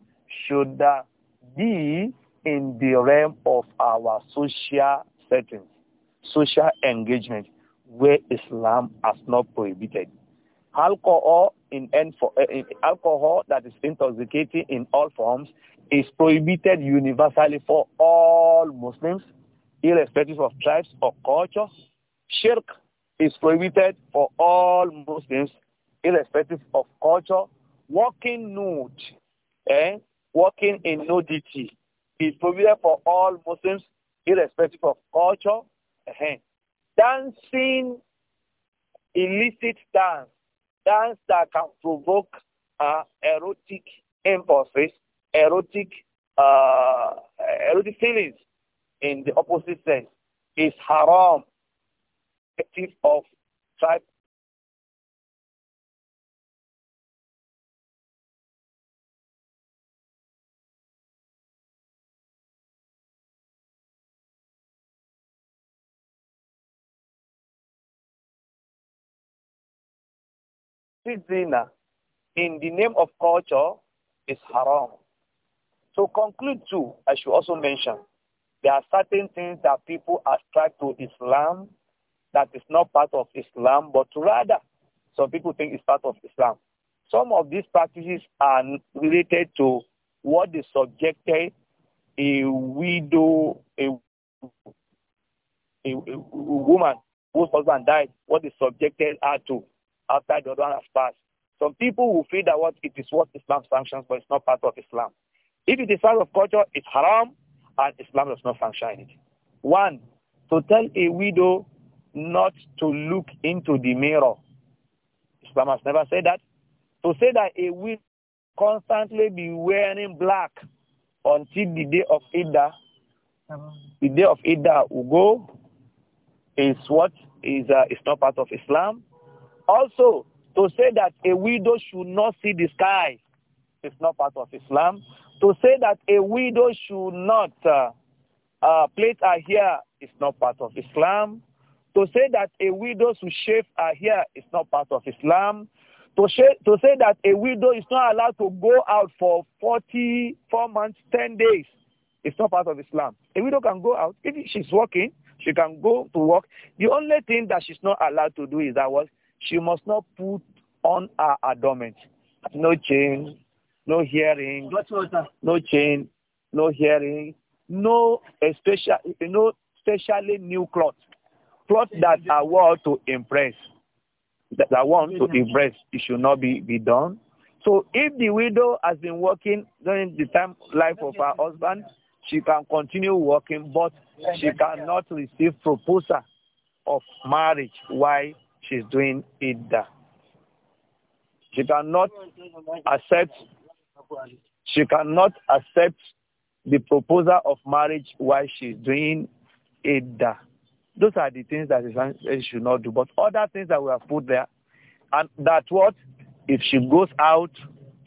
should uh, be in the realm of our social settings, social engagement. where Islam has not prohibited. Alcohol in, for, eh, in alcohol that is intoxicating in all forms is prohibited universally for all Muslims, irrespective of tribes or cultures. Shirk is prohibited for all Muslims, irrespective of culture. Walking nude, eh? walking in nudity is prohibited for all Muslims, irrespective of culture. Dancing, illicit dance, dance that can provoke uh, erotic impulses, erotic, uh, erotic feelings in the opposite sense, is haram, active of tribe zina in the name of culture is haram. To conclude too, I should also mention, there are certain things that people ascribe to Islam that is not part of Islam, but rather some people think is part of Islam. Some of these practices are related to what is subjected a widow, a, a, a woman whose husband died, what is subjected her to after the other one has passed. Some people will feel that what it is what Islam sanctions, but it's not part of Islam. If it is part of culture, it's haram, and Islam does not sanction it. One, to tell a widow not to look into the mirror. Islam has never said that. To say that a widow constantly be wearing black until the day of Ida, the day of Ida will go, is what is uh, is not part of Islam. Also, to say that a widow should not see the sky is not part of Islam. To say that a widow should not uh, uh, plait her hair is not part of Islam. To say that a widow should shave her hair is not part of Islam. To, to say that a widow is not allowed to go out for 44 months, 10 days, is not part of Islam. A widow can go out. If she's working, she can go to work. The only thing that she's not allowed to do is that was. She must not put on her adornment. No chain, no hearing, no chain, no hearing, no special, no specially new cloth. Cloth that are worn to impress, that are worn to impress, it should not be, be done. So if the widow has been working during the time life of her husband, she can continue working, but she cannot receive proposal of marriage. Why? she's doing it idda. She cannot accept she cannot accept the proposal of marriage while she's doing it idda. Those are the things that Islam should not do. But other things that we have put there, and that what if she goes out,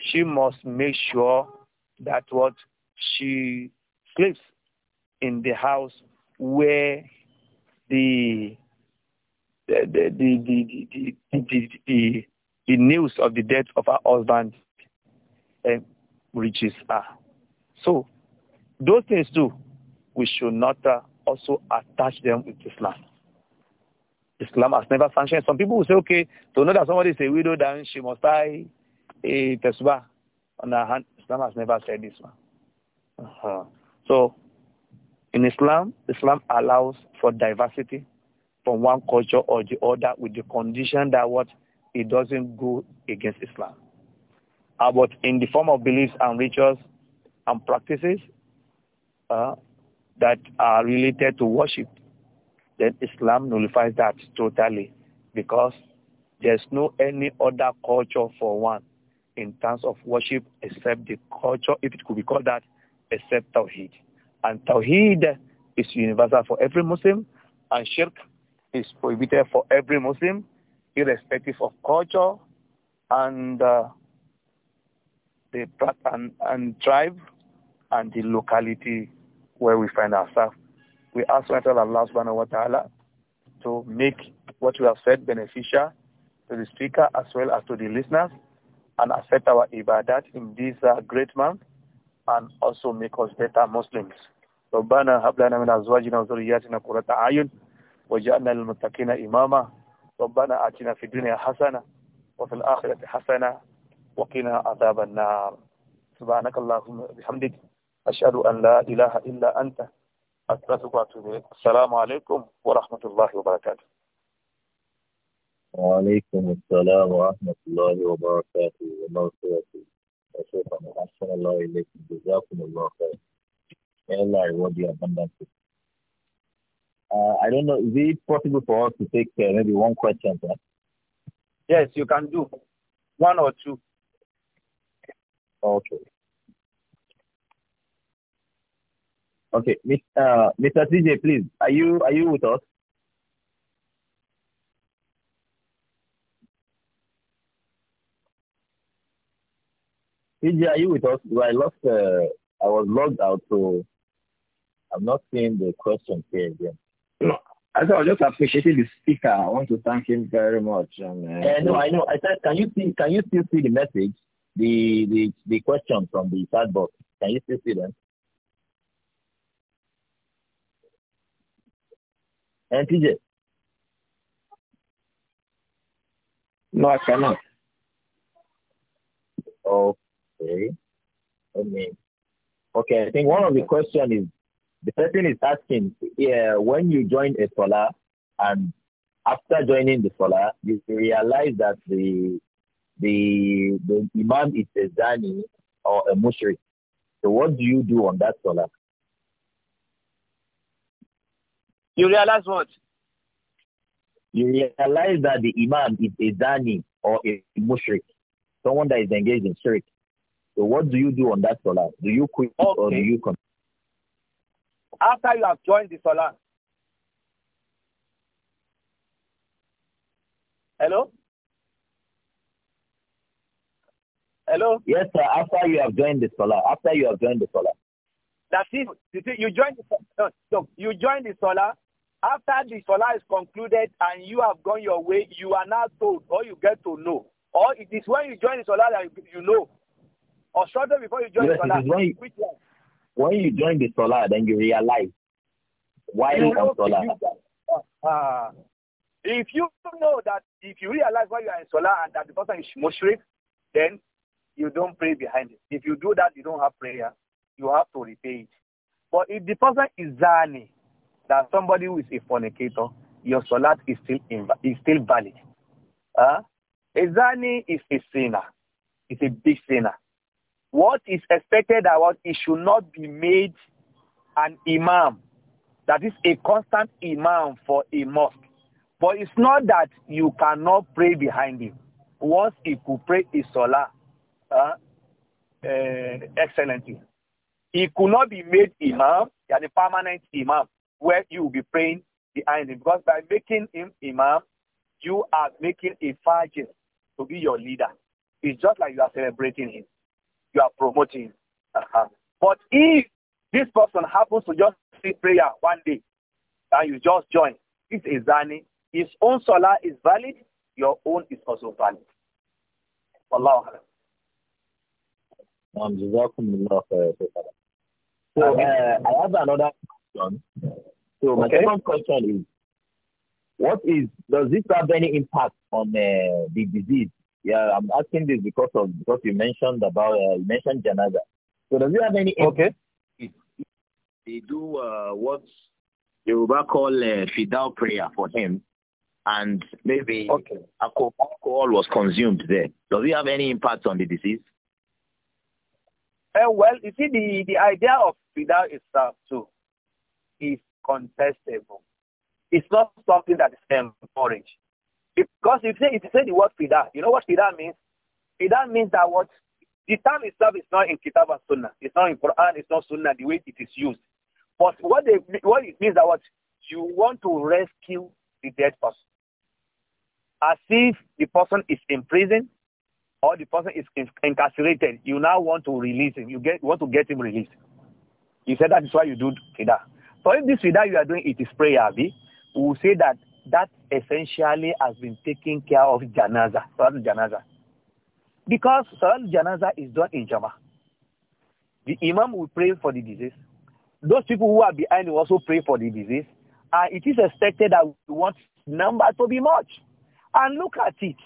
she must make sure that what she sleeps in the house where the the, the, the, the, the, the, news of the death of her husband eh, reaches her. So those things too, we should not uh, also attach them with Islam. Islam has never sanctioned. Some people will say, okay, to know that somebody is a widow, then she must tie a eh, tesuba on her hand. Islam has never said this one. Uh -huh. So in Islam, Islam allows for diversity from one culture or the other with the condition that what it doesn't go against Islam. Uh, but in the form of beliefs and rituals and practices uh, that are related to worship, then Islam nullifies that totally because there's no any other culture for one in terms of worship except the culture, if it could be called that, except Tawheed. And Tawheed is universal for every Muslim and Shirk is prohibited for every Muslim, irrespective of culture and uh, the and, and tribe and the locality where we find ourselves. We ask Allah subhanahu wa ta'ala to make what we have said beneficial to the speaker as well as to the listeners and accept our ibadat in this uh, great month and also make us better Muslims. ربنا هب لنا من ازواجنا وذرياتنا قرة اعين وجعلنا للمتقين إماما ربنا آتنا في الدنيا حسنة وفي الآخرة حسنة وقنا عذاب النار سبحانك اللهم بحمدك أشهد أن لا إله إلا أنت أستغفرك وأتوب إليك السلام عليكم ورحمة الله وبركاته وعليكم السلام ورحمة الله وبركاته ومغفرته وشكرا أحسن الله إليكم جزاكم الله خير الله يودي reward you Uh, I don't know, is it possible for us to take uh, maybe one question? Sir? Yes, you can do one or two. Okay. Okay, uh, Mr. CJ, please, are you are you with us? CJ, are you with us? Well, I lost, uh, I was logged out, so I'm not seeing the question here again. No. I thought I just appreciated the speaker. I want to thank him very much. And, uh, uh, no, I know. I said, can you see? Can you still see the message? The the the question from the chat box. Can you still see them? And eh, TJ. No, I cannot. Okay. I okay. I think one of the question is the person is asking, yeah, when you join a solar and after joining the solar, you realize that the the the imam is a zani or a mushrik. So what do you do on that solar? You realize what? You realize that the imam is a zani or a mushrik, someone that is engaged in shirk. So what do you do on that solar? Do you quit okay. or do you continue? after you have joined the solar. Hello? Hello? Yes, sir. After you have joined the solar. After you have joined the solar. That is, you, see, you join the no, no, you join the solar. After the solar is concluded and you have gone your way, you are now told or you get to know. Or it is when you join the solar that you, you know. Or shortly before you join yes, the solar. When you, which one? when you join the solar, then you realize why you are solar. Uh, uh, if you know that, if you realize why you are in solar and that the person is mushrik, then you don't pray behind it. If you do that, you don't have prayer. You have to repay it. But if the person is zani, that somebody who is a fornicator, your salat is still inv- is still valid. Uh, a zani is a sinner. It's a big sinner. What is expected about he should not be made an imam. That is a constant imam for a mosque. But it's not that you cannot pray behind him. Once he could pray his salah uh, uh, excellently. He could not be made imam, and a permanent imam, where you will be praying behind him. Because by making him imam, you are making a fajr to be your leader. It's just like you are celebrating him you are promoting. Uh -huh. But if this person happens to just say prayer one day and you just join, it's a zani. His own salah is valid, your own is also valid. Wallahu Um, So uh, I have another question. So my okay. second question is, what is, does this have any impact on uh, the disease yeah, I'm asking this because of because you mentioned about uh, you mentioned janaza. So does it have any? Okay. They do uh, what will call a uh, fidel prayer for him, and maybe okay. alcohol was consumed there. Does it have any impact on the disease? Uh, well, you see, the, the idea of fidel itself too is contestable. It's not something that is encouraged because if you, say, if you say the word fida, you know what fida means? Fida means that what the term itself is not in Kitab and Sunnah. It's not in Quran. It's not Sunnah the way it is used. But what, they, what it means that what you want to rescue the dead person, as if the person is in prison or the person is incarcerated. You now want to release him. You get you want to get him released. You said that is why you do fida. So if this fida you are doing it is prayer, we will say that that essentially has been taking care of janaza, Salat janaza. Because sol janaza is done in Jama. The Imam will pray for the disease. Those people who are behind will also pray for the disease. And it is expected that we want number to be much. And look at it.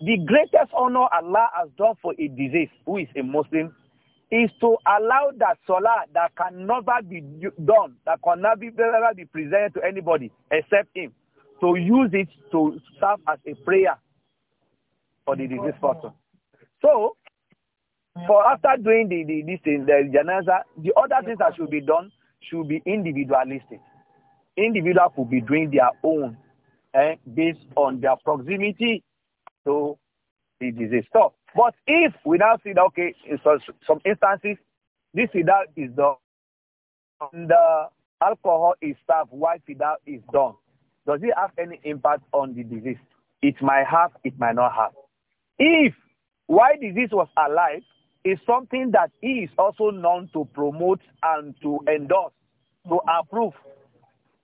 The greatest honor Allah has done for a disease who is a Muslim is to allow that salah that can never be done, that cannot be, never be presented to anybody except him, to use it to serve as a prayer for the deceased person. So, for after doing the, the this thing, the janaza, the other things that should be done should be individualistic. Individual could be doing their own eh, based on their proximity to the disease. But if we now see that, okay, in some, instances, this fidal is done, the alcohol is served while fidal is done, does it have any impact on the disease? It might have, it might not have. If why disease was alive is something that he is also known to promote and to endorse, to approve.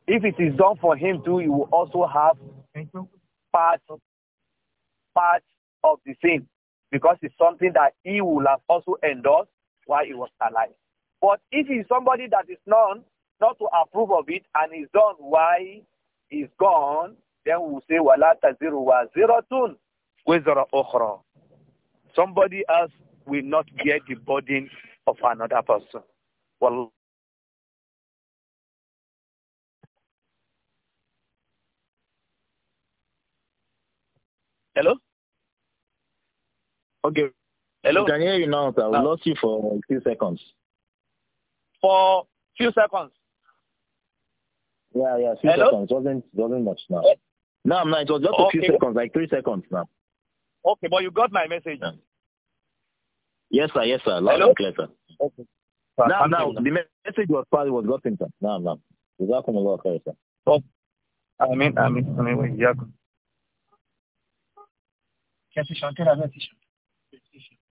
If it is done for him too, he will also have part, part of the same because it's something that he will have also endorsed while he was alive. But if he's somebody that is known not to approve of it and is done while he's gone, then we will say wala taziru wa ziratun wizra ukhra. Somebody else will not bear the burden of another person. Well, Hello? Okay. Hello? We can hear you now, sir. We uh, lost you for a few seconds. For few seconds? Yeah, yeah, few Hello? seconds. Wasn't, wasn't much now. What? No, no, it was just okay. a few seconds, like three seconds now. Okay, but you got my message. Yeah. Yes, sir. Yes, sir. Loud Hello? and clear, sir. Okay. now, now, the message was probably was gotten, sir. No, no. It's not going to work, sir. Oh, I mean, I mean, I mean, yeah. Can you shout it? I mean, shout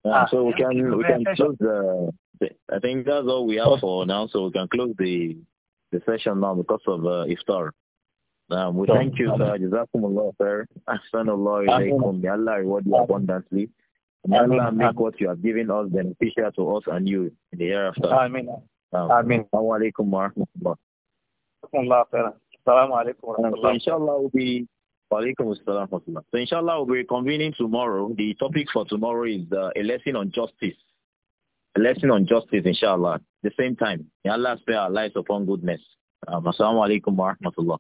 uh, so we can we can close the, the, I think that's all we have oh. for now. So we can close the the session now because of uh, iftar. Um, we thank you, sir. Jazakumullah, sir. Asalamualaikum. ilaykum. May Allah reward you abundantly. May Allah make what you have given us beneficial to us and you in the hereafter. Ameen. Um, Ameen. Assalamu alaikum wa inshallah, we'll be Walaikum assalam So inshallah we'll be convening tomorrow. The topic for tomorrow is uh, a lesson on justice. A lesson on justice inshallah. The same time. May Allah spare our lives upon goodness. Um, assalamu alaikum wa rahmatullah.